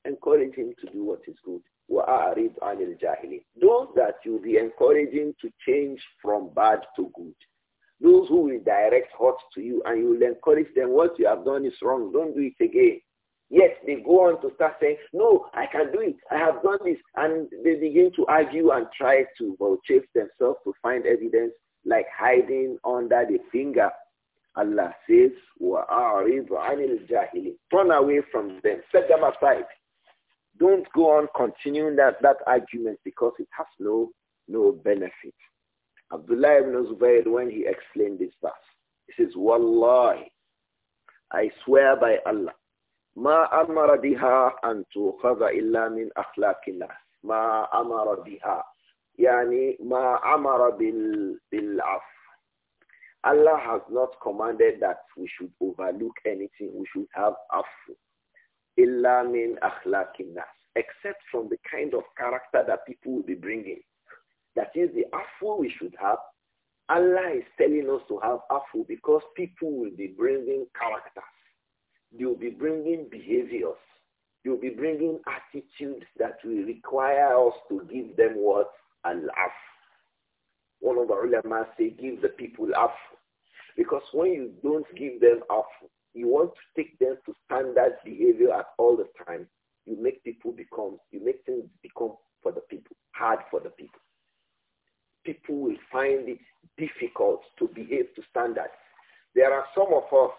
Encourage him to do what is good. Wa'arid anil jahili. Those that you'll be encouraging to change from bad to good. Those who will direct hurt to you and you will encourage them, what you have done is wrong. Don't do it again. Yet they go on to start saying, no, I can do it. I have done this. And they begin to argue and try to vouchsafe themselves to find evidence like hiding under the finger. Allah says, wa عَنِ الْجَاهِلِ Turn away from them. Set them aside. Don't go on continuing that, that argument because it has no, no benefit. Abdullah ibn Zubayr, when he explained this verse, he says, Wallahi, I swear by Allah, ما أمر بها أن تؤخذ إلا من أخلاق الناس ما أمر بها يعني ما أمر بال, بالعفو Allah has not commanded that we should overlook anything. We should have afu. Illa min akhlaqin Except from the kind of character that people will be bringing. That is the afu we should have. Allah is telling us to have afu because people will be bringing characters. They will be bringing behaviors. They will be bringing attitudes that will require us to give them what? Allah. One of the ulama say, give the people afu. Because when you don't give them afu, you want to take them to standard behavior at all the time. You make people become, you make things become for the people, hard for the people people will find it difficult to behave to standards. There are some of us,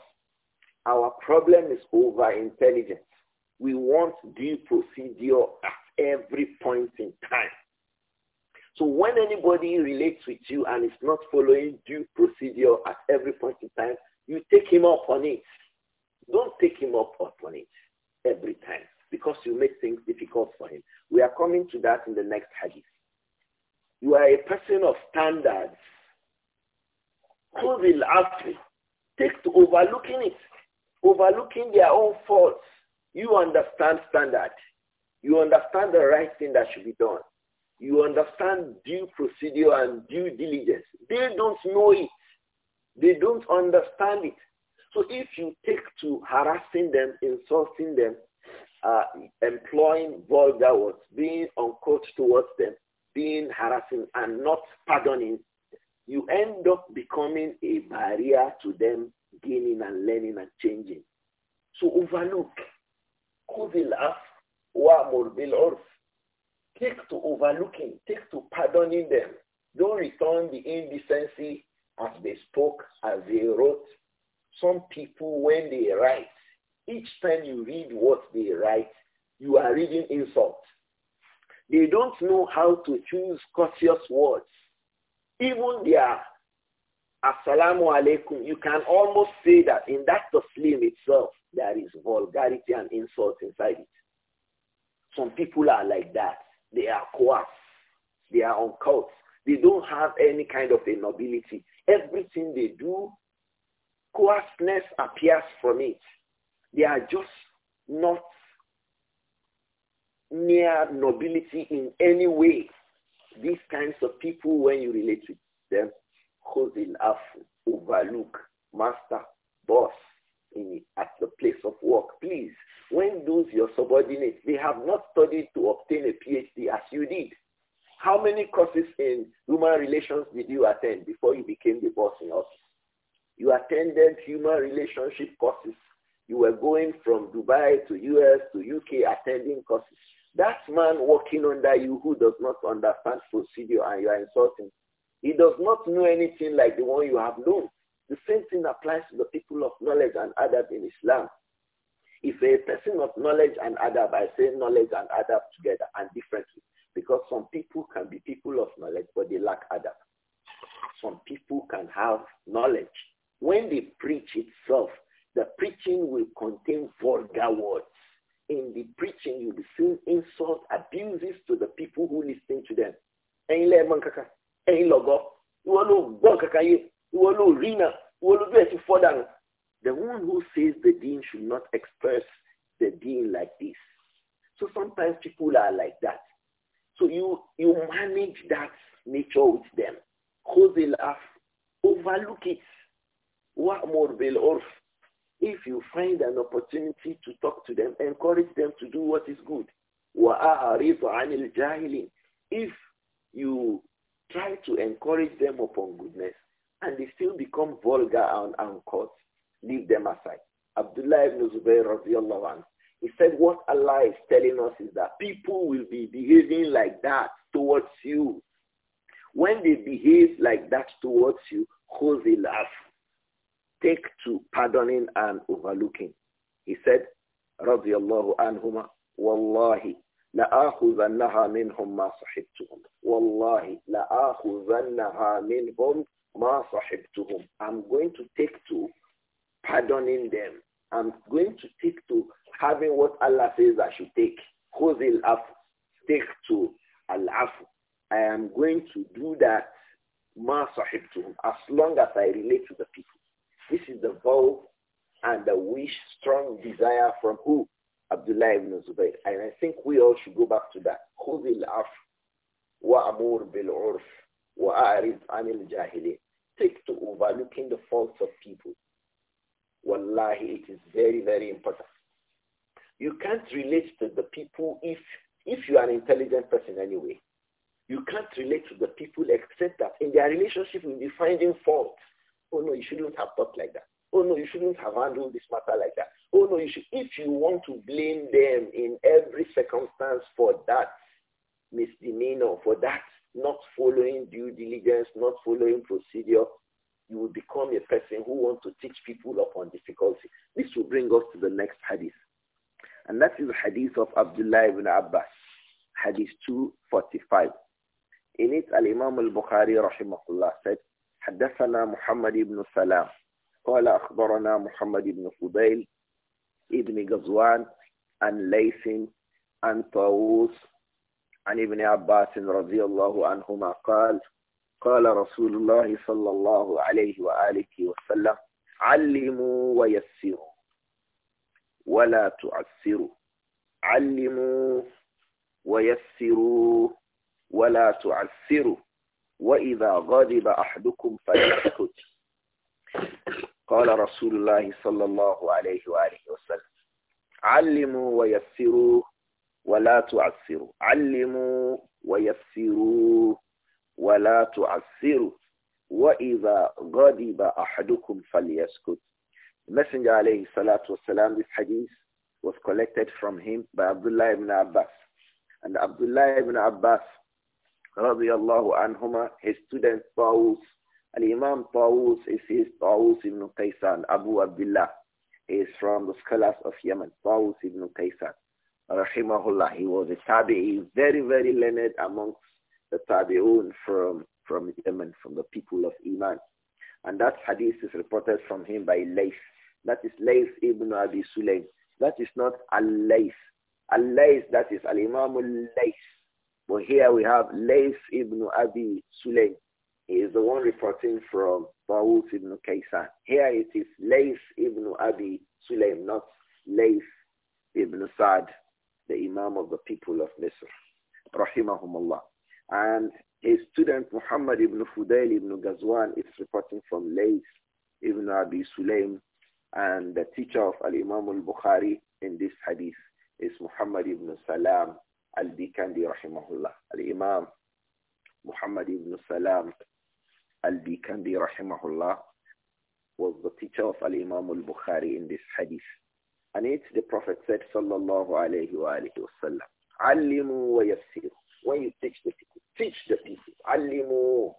our problem is over intelligence. We want due procedure at every point in time. So when anybody relates with you and is not following due procedure at every point in time, you take him up on it. Don't take him up on it every time because you make things difficult for him. We are coming to that in the next hadith. You are a person of standards. Who will afri. Take to overlooking it. Overlooking their own faults. You understand standard. You understand the right thing that should be done. You understand due procedure and due diligence. They don't know it. They don't understand it. So if you take to harassing them, insulting them, uh, employing vulgar words, being uncouth towards them, being harassing and not pardoning, you end up becoming a barrier to them gaining and learning and changing. So overlook. Kudil af wa'mur bil urf. Take to overlooking, take to pardoning them. Don't return the indecency as they spoke, as they wrote. Some people, when they write, each time you read what they write, you are reading insults. They don't know how to choose courteous words. Even their assalamu alaikum, you can almost say that in that taslim itself, there is vulgarity and insult inside it. Some people are like that. They are coarse. They are uncouth. They don't have any kind of a nobility. Everything they do, coarseness appears from it. They are just not mere nobility in any way. These kinds of people, when you relate with them, cause enough overlook, master, boss, in, at the place of work. Please, when those your subordinates, they have not studied to obtain a PhD as you did. How many courses in human relations did you attend before you became the boss in office? You attended human relationship courses. You were going from Dubai to US to UK attending courses. That man working under you who does not understand procedure and you are insulting, he does not know anything like the one you have known. The same thing applies to the people of knowledge and adab in Islam. If a person of knowledge and adab, I say knowledge and adab together and differently, because some people can be people of knowledge, but they lack adab. Some people can have knowledge. When they preach itself, the preaching will contain vulgar words in the preaching, you'll be seeing insults, abuses to the people who listen to them. Ẹ̀yin lẹ́ẹ̀mọ́ kankan, lọ́gọ́, ìwọ ló gbọ́ kankan yé, will ló rí you will ló bẹ̀rẹ̀ sí The one who says the dean should not express the dean like this. So sometimes people are like that. So you, you manage that nature with them. Cause they laugh, overlook it. will بالعرف if you find an opportunity to talk to them, encourage them to do what is good. If you try to encourage them upon goodness and they still become vulgar and, uncouth, leave them aside. Abdullah ibn Zubayr radiallahu anhu, he said what Allah is telling us is that people will be behaving like that towards you. When they behave like that towards you, khuzil afu take to pardoning and overlooking. He said, رضي الله عنهما والله لآخذنها منهم ما صحبتهم والله لآخذنها منهم ما صحبتهم I'm going to take to pardoning them. I'm going to take to having what Allah says I should take. خذ العفو Take to al-afu. I am going to do that ما صحبتهم as long as I relate to the people. This is the vow and the wish, strong desire from who? Abdullah ibn Zubayr. And I think we all should go back to that. خذ العفو وأمور بالعرف وأعرض عن الجاهلين. Take to overlooking the faults of people. Wallahi, it is very, very important. You can't relate to the people if, if you are an intelligent person anyway. You can't relate to the people except that in their relationship you'll be finding faults. Oh no, you shouldn't have talked like that. Oh no, you shouldn't have handled this matter like that. Oh no, you should, if you want to blame them in every circumstance for that misdemeanor, for that not following due diligence, not following procedure, you will become a person who wants to teach people upon difficulty. This will bring us to the next hadith. And that is the hadith of Abdullah ibn Abbas, hadith 245. In it, Al-Imam al-Bukhari rahimahullah said, حدثنا محمد بن سلام قال أخبرنا محمد بن فضيل ابن غزوان عن ليث عن طاووس عن ابن عباس رضي الله عنهما قال قال رسول الله صلى الله عليه وآله وسلم علموا ويسروا ولا تعسروا علموا ويسروا ولا تعسروا وإذا غضب أحدكم فليسكت قال رسول الله صلى الله عليه وآله وسلم علموا ويسروا ولا تعسروا علموا ويسروا ولا تعسروا وإذا غضب أحدكم فليسكت Messenger عليه الصلاة والسلام this hadith was collected from him by Abdullah ibn Abbas and Abdullah ibn Abbas radiallahu anhuma, his student Tawus. Al-Imam Tawus is his Tawus ibn Qaysan, Abu Abdullah. He is from the scholars of Yemen, Tawus ibn Qaysan. Rahimahullah, he was a tabi'i, very, very learned amongst the tabi'un from, from Yemen, from the people of Iman. And that hadith is reported from him by Layth. That is Layth ibn Abi Sulaym. That is not Al-Layth. Al-Layth, that is Al-Imam Al-Layth. But here we have Lays ibn Abi Sulaim. He is the one reporting from Tawus ibn Kaysan. Here it is Lays ibn Abi Sulaim, not Lays ibn sa the Imam of the people of Misr. Rahimahumullah. And his student Muhammad ibn Fudail ibn Ghazwan is reporting from Lays ibn Abi Sulaim. and the teacher of Al-Imam al-Bukhari in this hadith is Muhammad ibn Salam البيكندي رحمه الله الإمام محمد بن سلام البيكندي رحمه الله rahimahullah was the teacher of الإمام البخاري in this hadith. And it's the Prophet said, صلى الله عليه وآله وسلم علموا ويسيروا When you teach the people, teach the people. علموا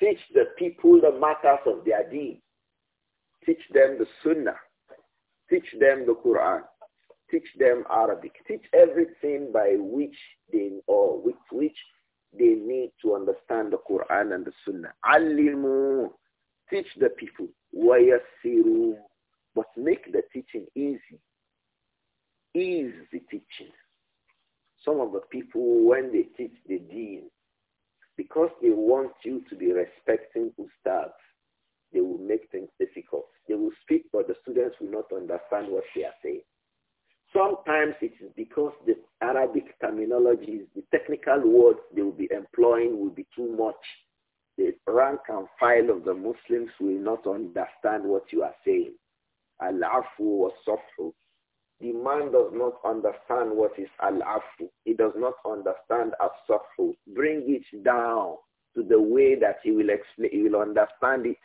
Teach the people the matters of their deen. Teach them the sunnah. Teach them the Quran. Teach them Arabic. Teach everything by which they or with which they need to understand the Quran and the Sunnah. Alimu. Teach the people. Wayasiru. But make the teaching easy. Easy teaching. Some of the people, when they teach the deen, because they want you to be respecting Ustad, they will make things difficult. They will speak, but the students will not understand what they are saying. Sometimes it is because the Arabic terminologies, the technical words they will be employing will be too much. The rank and file of the Muslims will not understand what you are saying. Al-afu was sofru. The man does not understand what is al-afu. He does not understand al-sofru. Bring it down to the way that he will explain, he will understand it.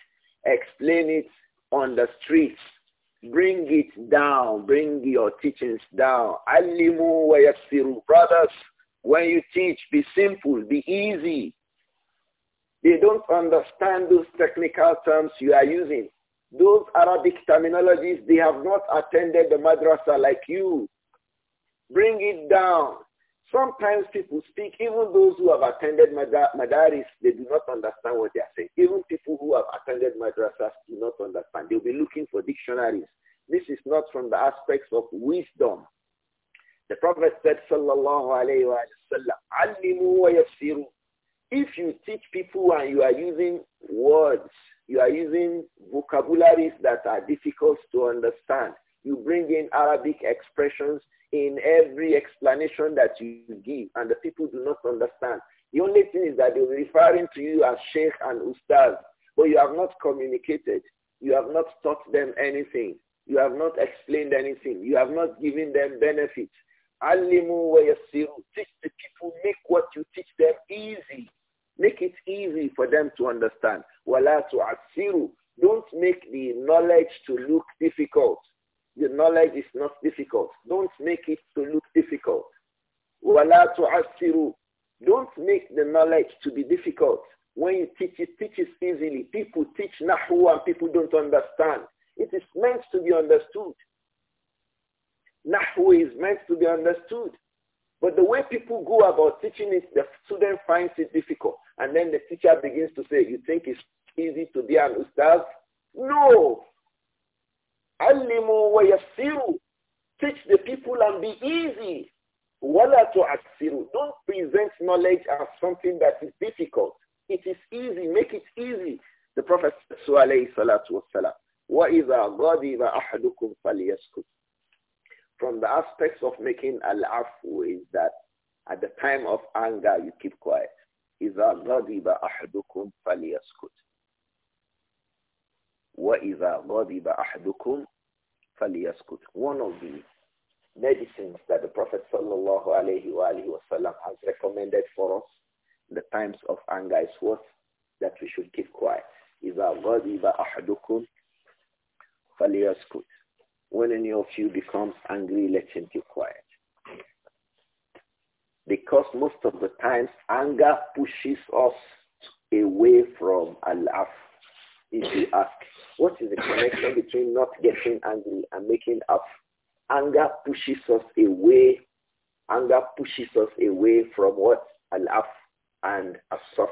Explain it on the streets Bring it down. Bring your teachings down. Alimu wa yasiru, Brothers, when you teach, be simple, be easy. They don't understand those technical terms you are using. Those Arabic terminologies, they have not attended the madrasa like you. Bring it down. Sometimes people speak, even those who have attended madaris, they do not understand what they are saying. Even people who have attended madrasas do not understand. They'll be looking for dictionaries. This is not from the aspects of wisdom. The Prophet said, sallallahu alayhi wasallam." If you teach people and you are using words, you are using vocabularies that are difficult to understand, you bring in Arabic expressions, in every explanation that you give and the people do not understand. The only thing is that they're referring to you as sheikh and ustaz, but you have not communicated. You have not taught them anything. You have not explained anything. You have not given them benefits. Alimu wa yasiru. Teach the people, make what you teach them easy. Make it easy for them to understand. Wala tu'asiru. Don't make the knowledge to look difficult. The knowledge is not difficult. Don't make it to look difficult. وَلَا تُعَسِّرُوا Don't make the knowledge to be difficult. When you teach it, teach it easily. People teach Nahu and people don't understand. It is meant to be understood. Nahu is meant to be understood. But the way people go about teaching it, the student finds it difficult. And then the teacher begins to say, you think it's easy to be an ustaz? No, Alimu wa yassiru. Teach the people and be easy. Wala tu'assiru. Don't present knowledge as something that is difficult. It is easy. Make it easy. The Prophet said, alayhi salatu wassalam, وَإِذَا غَضِبَ أَحَدُكُمْ فَلْيَسْكُتْ From the aspects of making al-afu is that at the time of anger, you keep quiet. إِذَا غَضِبَ أَحَدُكُمْ فَلْيَسْكُتْ وَإِذَا غَضِبَ أَحْدُكُمْ فَلْيَسْكُتْ One of the medicines that the Prophet sallallahu alayhi wa alayhi has recommended for us in the times of anger is what? That we should keep quiet. إِذَا غَضِبَ أَحْدُكُمْ فَلْيَسْكُتْ When any of you becomes angry, let him keep quiet. Because most of the times, anger pushes us away from al-afu if you ask, what is the connection between not getting angry and making up? Anger pushes us away. Anger pushes us away from what? I love and asaf.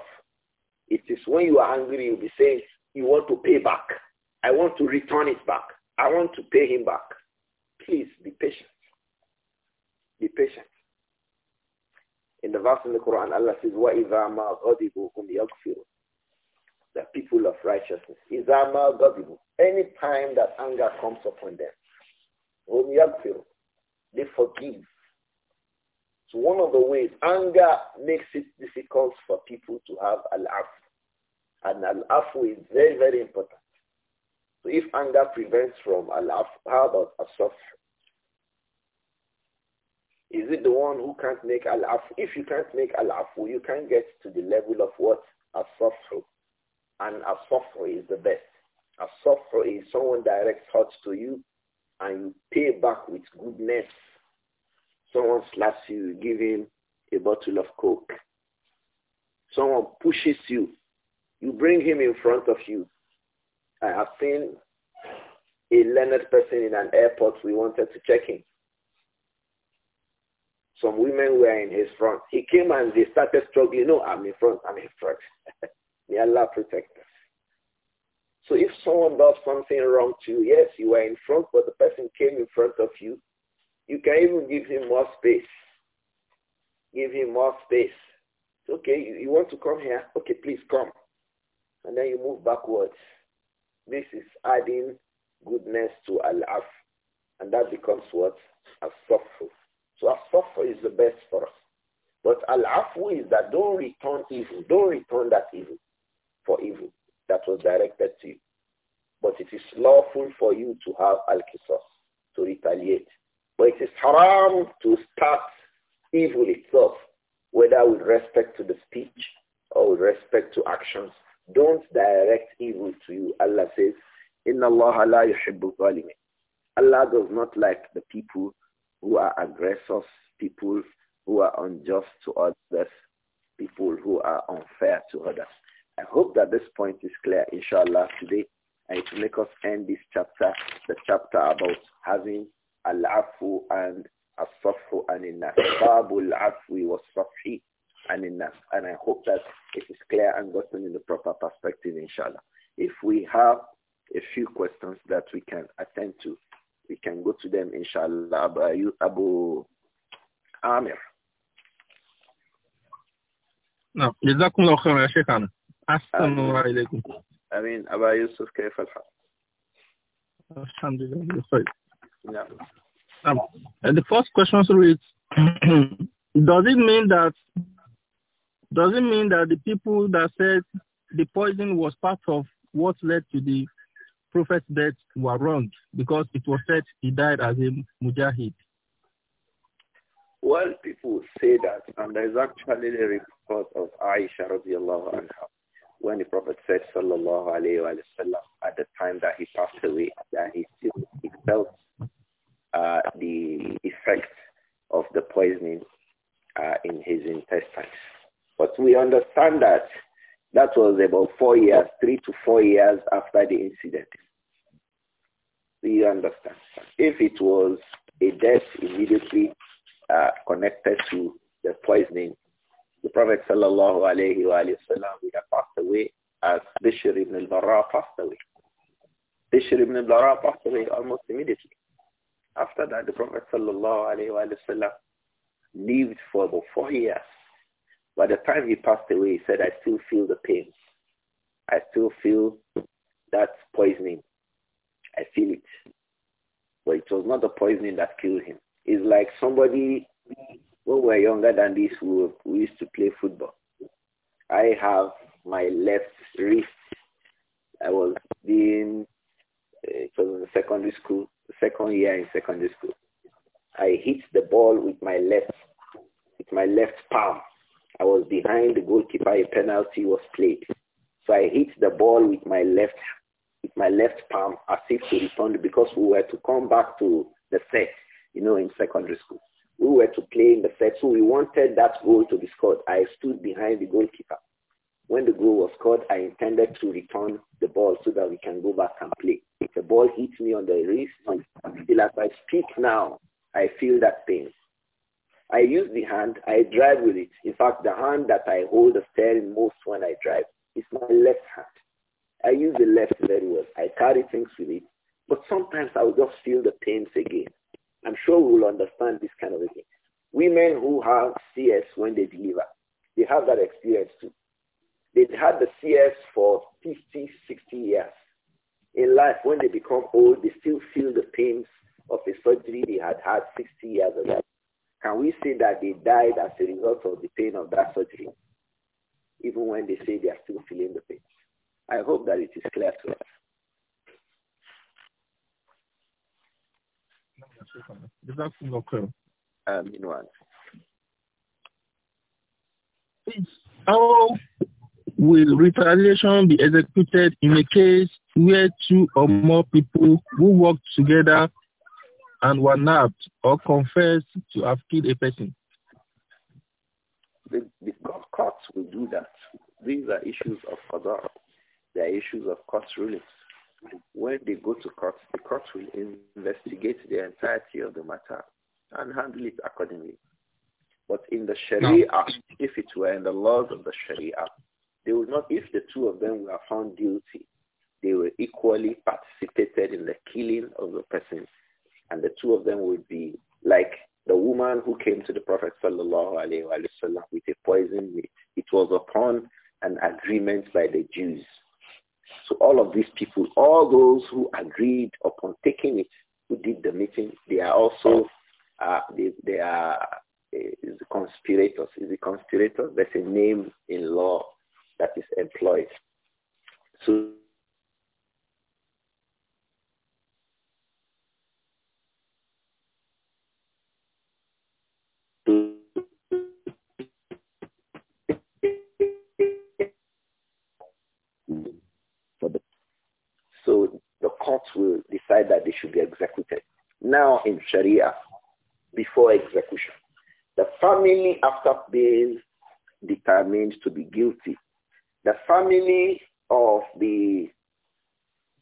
It is when you are angry, you'll be saying, you want to pay back. I want to return it back. I want to pay him back. Please be patient. Be patient. In the verse in the Quran, Allah says, وَإِذَا مَا غَضِبُوا هُمْ يَغْفِرُونَ the people of righteousness. Izama Godibu. Any time that anger comes upon them, they forgive. So one of the ways, anger makes it difficult for people to have al-afu. And al-afu is very, very important. So if anger prevents from al-afu, how about asaf? Is it the one who can't make al-afu? If you can't make al-afu, you can't get to the level of what? Asafru. And software is the best. software is someone directs hurt to you and you pay back with goodness. Someone slaps you, you give him a bottle of coke. Someone pushes you, you bring him in front of you. I have seen a learned person in an airport. We wanted to check him. Some women were in his front. He came and they started struggling. No, I'm in front. I'm in front. May Allah protect us. So if someone does something wrong to you, yes, you are in front, but the person came in front of you, you can even give him more space. Give him more space. okay, you, want to come here? Okay, please come. And then you move backwards. This is adding goodness to Al-Af. And that becomes what? As-Safu. So As-Safu is the best for us. But Al-Afu is that don't return evil. Don't return that evil for evil that was directed to you. But it is lawful for you to have al-qisas, to retaliate. But it is haram to start evil itself, whether with respect to the speech or with respect to actions. Don't direct evil to you. Allah says, Inna Allah Allah does not like the people who are aggressors, people who are unjust to others, people who are unfair to others. I hope that this point is clear, inshallah, today. And it will make us end this chapter, the chapter about having al-afu and as-safu aninnas. Babu al-afwi was-safi aninnas. And I hope that it is clear and gotten in the proper perspective, inshallah. If we have a few questions that we can attend to, we can go to them, inshallah. Abu, Abu Amir. No, you're خيرا السلام عليكم أمين أبا يوسف كيف الحال؟ الحمد لله بخير نعم the first question reads, does it mean that does it mean that the people that said the poison was part of what led to the prophet's death were wrong because it was said he died as a mujahid? Well, people say that, and there's actually a report of Aisha radiallahu anha when the Prophet said, sallallahu alayhi wa sallam, at the time that he passed away, that he still he felt uh, the effect of the poisoning uh, in his intestines. But we understand that that was about four years, three to four years after the incident. Do you understand? If it was a death immediately uh, connected to the poisoning, the Prophet sallallahu alayhi wa sallam passed away as Bishr ibn al-Barra passed away. Bishr ibn al bara passed away almost immediately. After that, the Prophet sallallahu alayhi wa sallam lived for about four years. By the time he passed away, he said, I still feel the pain. I still feel that poisoning. I feel it. But it was not the poisoning that killed him. It's like somebody when we were younger than this, we, we used to play football. I have my left wrist. I was being eh, it was in secondary school, second year in secondary school. I hit the ball with my left, with my left palm. I was behind the goalkeeper. A penalty was played, so I hit the ball with my left, with my left palm, as if to respond because we were to come back to the set, you know, in secondary school. We were to play in the set, so we wanted that goal to be scored. I stood behind the goalkeeper. When the goal was scored, I intended to return the ball so that we can go back and play. The ball hits me on the wrist. Still as I speak now, I feel that pain. I use the hand. I drive with it. In fact, the hand that I hold the steering most when I drive is my left hand. I use the left very well. I carry things with it. But sometimes I will just feel the pains again. I'm sure we will understand this kind of a thing. Women who have CS when they deliver, they have that experience too. They've had the CS for 50, 60 years. In life, when they become old, they still feel the pains of the surgery they had had 60 years ago. Can we say that they died as a result of the pain of that surgery? Even when they say they are still feeling the pain. I hope that it is clear to us. Um, How will retaliation be executed in a case where two or more people who worked together and were nabbed or confessed to have killed a person? The, the courts will do that. These are issues of qadar. They are issues of court rulings. When they go to court, the court will investigate the entirety of the matter and handle it accordingly. But in the Sharia, no. if it were in the laws of the Sharia, they would not, if the two of them were found guilty, they were equally participated in the killing of the person. And the two of them would be like the woman who came to the Prophet ﷺ with a poison. It was upon an agreement by the Jews so all of these people, all those who agreed upon taking it, who did the meeting, they are also, uh, they, they are eh, is conspirators. Is a conspirator? There's a name in law that is employed. So decide that they should be executed. Now in Sharia, before execution, the family after being determined to be guilty, the family of the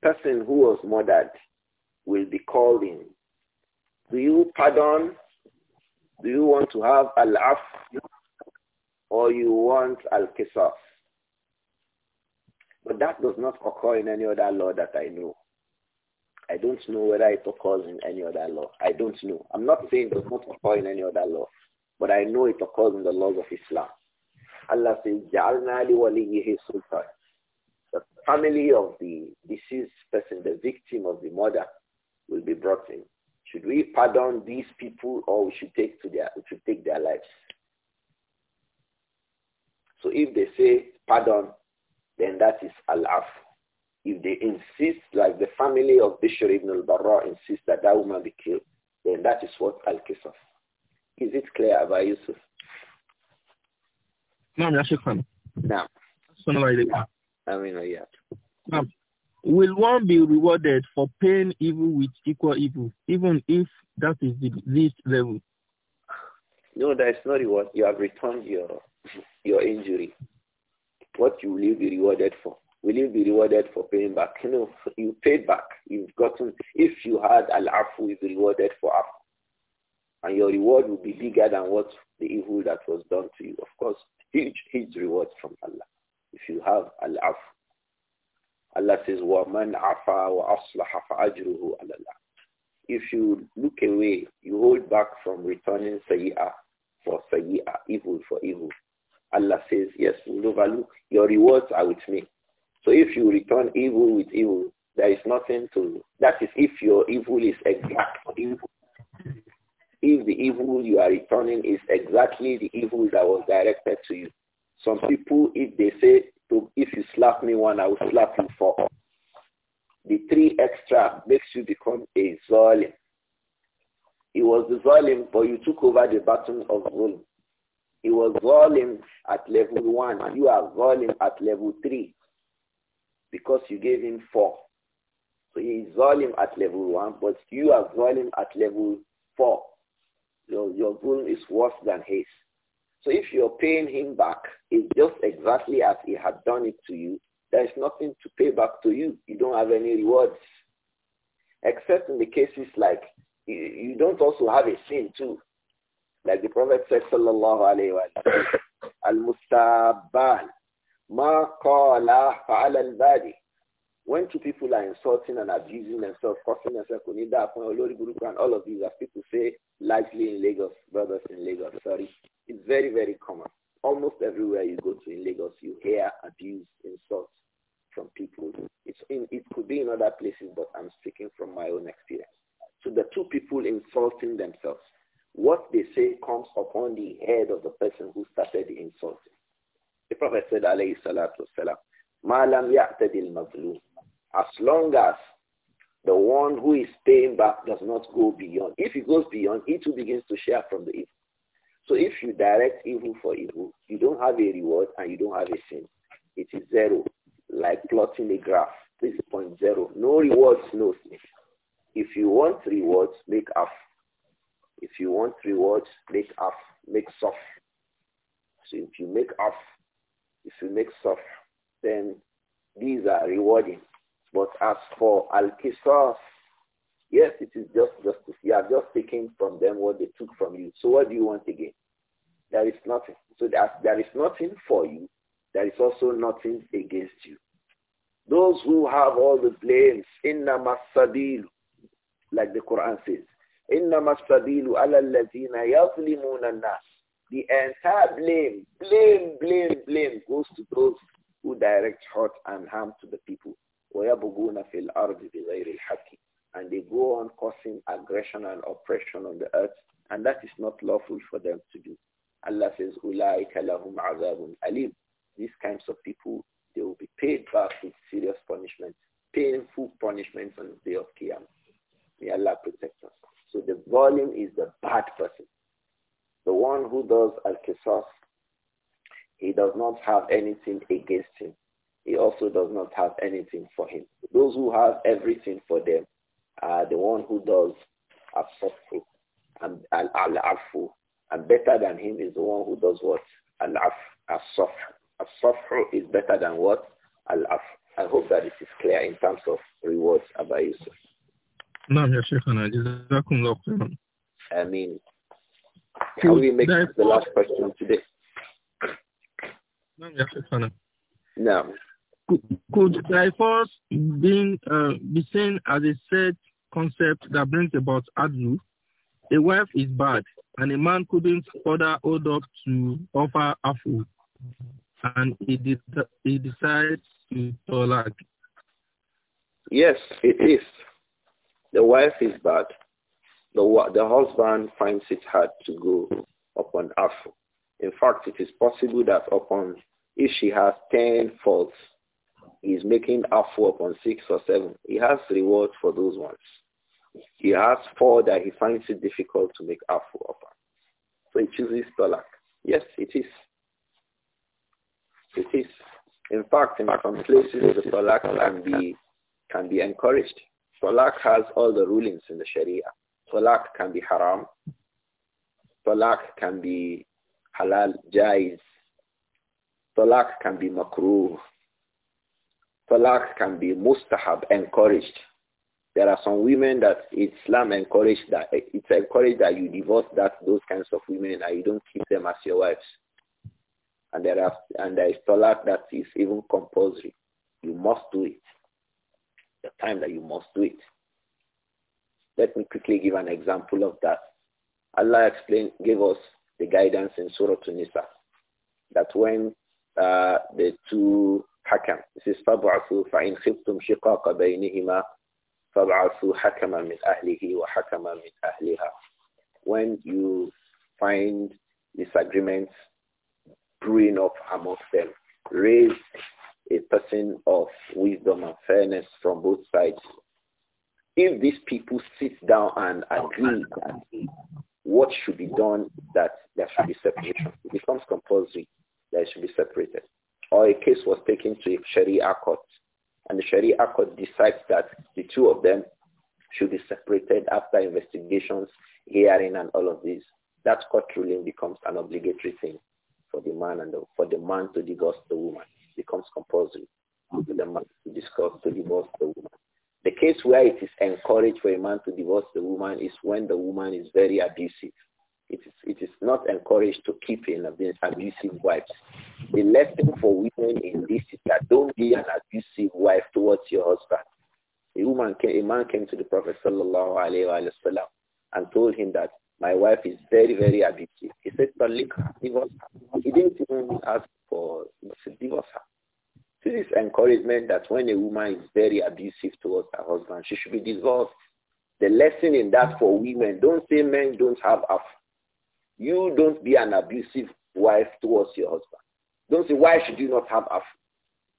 person who was murdered will be called in. Do you pardon? Do you want to have al-af or you want al-kisas? But that does not occur in any other law that I know. I don't know whether it occurs in any other law. I don't know. I'm not saying it does not occur in any other law, but I know it occurs in the laws of Islam. Allah says, The family of the deceased person, the victim of the murder, will be brought in. Should we pardon these people or we should take to their we should take their lives? So if they say pardon, then that is al-afu if they insist, like the family of Bishr ibn al-Barra insists that that woman be killed, then that is what al-Qisas. Is it clear, Abba Yusuf? Ma'am, Yashikhan. Now. I mean, yeah. Ma'am, will one be rewarded for paying evil with equal evil, even if that is the least level? No, that is not reward. You have returned your your injury. What you will you be rewarded for? Will you be rewarded for paying back? know, you paid back. You've gotten, if you had al-afu, you'll be rewarded for afu. And your reward will be bigger than what the evil that was done to you. Of course, huge, huge reward from Allah. If you have al-afu. Allah says, وَمَنْ عَفَى وَأَصْلَحَ فَأَجْرُهُ عَلَى اللَّهِ If you look away, you hold back from returning sayi'ah for sayi'ah, evil for evil. Allah says, yes, we'll overlook. Your rewards are with me. So if you return evil with evil, there is nothing to, that is if your evil is exact evil. If the evil you are returning is exactly the evil that was directed to you. Some people, if they say, if you slap me one, I will slap you four. The three extra makes you become a zalim. It was the but you took over the button of zulm. It was zalim at level one. You are zalim at level three because you gave him four. So he is volume at level one, but you are volume at level four. Your, your zulm is worse than his. So if you're paying him back, it's just exactly as he had done it to you. There is nothing to pay back to you. You don't have any rewards. Except in the cases like you, you don't also have a sin too. Like the Prophet said, sallallahu alayhi wa sallam, al-mustabbal, Ma When two people are insulting and abusing themselves, cursing themselves, Kunida, Olori Guruku, and all of these, as people say, likely in Lagos, brothers in Lagos, sorry, it's very, very common. Almost everywhere you go to in Lagos, you hear abuse, insults from people. It's in, it could be in other places, but I'm speaking from my own experience. So the two people insulting themselves, what they say comes upon the head of the person who started the insulting. The Prophet said, alayhi salatu wasalam, Ma'lam ya'tadil mazlum. As long as the one who is paying back does not go beyond. If he goes beyond, he too begins to share from the evil. So if you direct evil for evil, you don't have a reward and you don't have a sin. It is zero, like plotting a graph. This is point zero. No rewards, no sin. If you want rewards, make up. If you want rewards, make up. make soft. So if you make up." If you make soft, then these are rewarding. But as for Al-Qisas, yes, it is just justice. You are just taking from them what they took from you. So what do you want again? There is nothing. So there is nothing for you. There is also nothing against you. Those who have all the blames, inna masabilu, like the Quran says, inna masabilu ala alladhina yazlimuna nas the entire blame, blame, blame, blame goes to those who direct hurt and harm to the people. وَيَبُغُونَ فِي الْأَرْضِ بِغَيْرِ الْحَقِّ And they go on causing aggression and oppression on the earth, and that is not lawful for them to do. Allah says, أُولَٰئِكَ لَهُمْ عَذَابٌ أَلِيمٌ These kinds of people, they will be paid back with serious punishment, painful punishment on the day of Qiyamah. May Allah protect us. So the volume is the bad person. The one who does al kisas, he does not have anything against him. He also does not have anything for him. Those who have everything for them are the one who does al-safu and al-afu. And better than him is the one who does what? Al-af, al-safu. al is better than what? Al-af. I hope that it is clear in terms of rewards, Abba Yusuf. نعم يا شيخنا جزاكم الله can we make this the last question today? No. Could, could divorce being uh, be seen as a set concept that brings about abuse? A wife is bad, and a man couldn't order hold up to offer a food, and he, de- he decides to tolerate. Yes, it is. The wife is bad, the, the husband finds it hard to go upon afu. In fact, it is possible that upon if she has 10 faults, he's making afu upon six or seven. He has reward for those ones. He has four that he finds it difficult to make afu upon. So he chooses talak. Yes, it is. It is. In fact, in some places, the talak can be, can be encouraged. Talak has all the rulings in the Sharia. Talaq can be haram. Talaq can be halal, jais. Talaq can be makruh. Talaq can be mustahab, encouraged. There are some women that Islam encouraged that it's encouraged that you divorce that those kinds of women and you don't keep them as your wives. And there are and there is talaq that is even compulsory. You must do it. The time that you must do it. Let me quickly give an example of that. Allah explained, gave us the guidance in Surah Tunisa that when uh, the two hakam, this is فَبْعَثُوا فَإِنْ خِبْتُمْ شِقَاقَ بَيْنِهِمَا فَبْعَثُوا حَكَمًا مِنْ أَهْلِهِ وَحَكَمًا مِنْ أَهْلِهَا When you find disagreements brewing up amongst them, raise a person of wisdom and fairness from both sides if these people sit down and agree that what should be done, that there should be separation, it becomes compulsory that it should be separated. Or a case was taken to a Sharia court, and the Sharia court decides that the two of them should be separated after investigations, hearing, and all of this. That court ruling becomes an obligatory thing for the man and the, for the man to divorce the woman. It becomes compulsory for the man to discuss to divorce the woman. The case where it is encouraged for a man to divorce the woman is when the woman is very abusive. It is, it is not encouraged to keep an abusive wife. The lesson for women in this is that don't be an abusive wife towards your husband. A woman, came, a man came to the Prophet sallallahu alaihi wasallam and told him that my wife is very, very abusive. He said, "But look, divorce." He didn't even ask for divorce her this encouragement that when a woman is very abusive towards her husband, she should be divorced. The lesson in that for women, don't say men don't have a, you don't be an abusive wife towards your husband. Don't say, why should you not have a,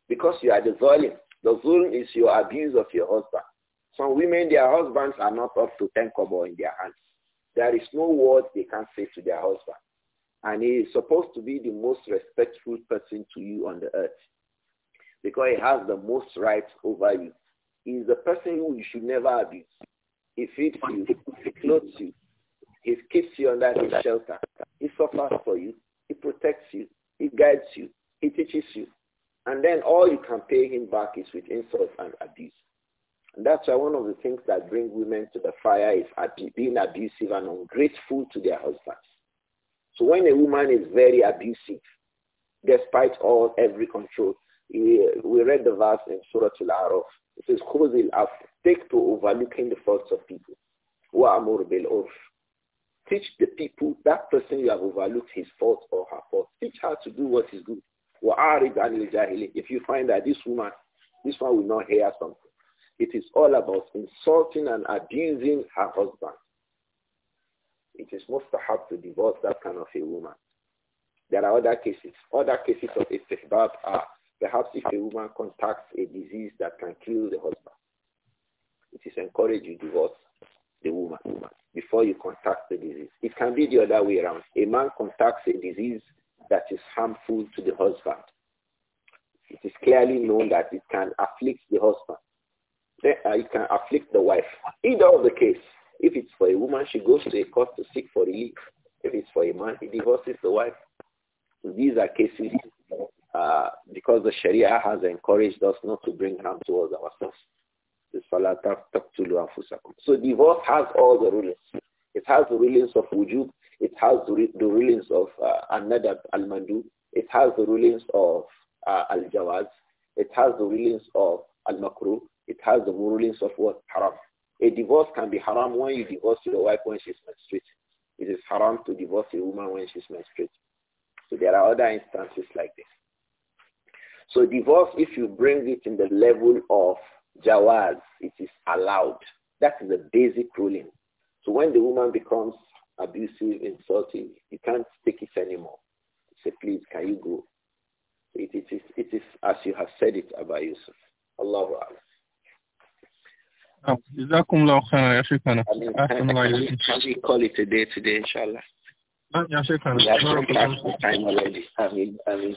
because you are the zulm. The zulm is your abuse of your husband. Some women, their husbands are not up to 10 cuba in their hands. There is no word they can say to their husband. And he is supposed to be the most respectful person to you on the earth because he has the most rights over you. He is the person who you should never abuse. He feeds you, he clothes you, he keeps you under his shelter. He suffers for you, he protects you, he guides you, he teaches you. And then all you can pay him back is with insult and abuse. And that's why one of the things that bring women to the fire is being abusive and ungrateful to their husbands. So when a woman is very abusive, despite all every control, we read the verse in Surah Al-Araf. It says, خُذِ الْعَفْوَ Take to overlooking the faults of people. وَأَمُرْ بِالْعُرْفِ Teach the people, that person you have overlooked his fault or her fault. Teach her to do what is good. وَأَعْرِضْ عَنِ الْجَاهِلِينَ If you find that this woman, this one will not hear something. It is all about insulting and abusing her husband. It is mustahab to divorce that kind of a woman. There are other cases. Other cases of istihbab are Perhaps if a woman contacts a disease that can kill the husband, it is encouraged you divorce the woman before you contact the disease. It can be the other way around. A man contacts a disease that is harmful to the husband. It is clearly known that it can afflict the husband. Uh, it can afflict the wife. Either of the case, if it's for a woman, she goes to a court to seek for relief. If it's for a man, he divorces the wife. So these are cases uh, because the Sharia has encouraged us not to bring harm towards ourselves. So divorce has all the rulings. It has the rulings of Ujub, It has the rulings of uh, al-nadab, al-mandu. It has the rulings of uh, al-jawaz. It has the rulings of al-makruh. It has the rulings of what? Haram. A divorce can be haram when you divorce your wife when she's menstruating. It is haram to divorce a woman when she's menstruating. So there are other instances like this. So divorce, if you bring it in the level of jawaz, it is allowed. That is the basic ruling. So when the woman becomes abusive, insulting, you can't take it anymore. say, please, can you go? It, it, is, it is as you have said it, Abba Yusuf. Allahu Akbar. جزاكم الله خيرا يا شيخنا احسن الله اليكم we call it a day today inshallah يا شيخنا I mean, I mean.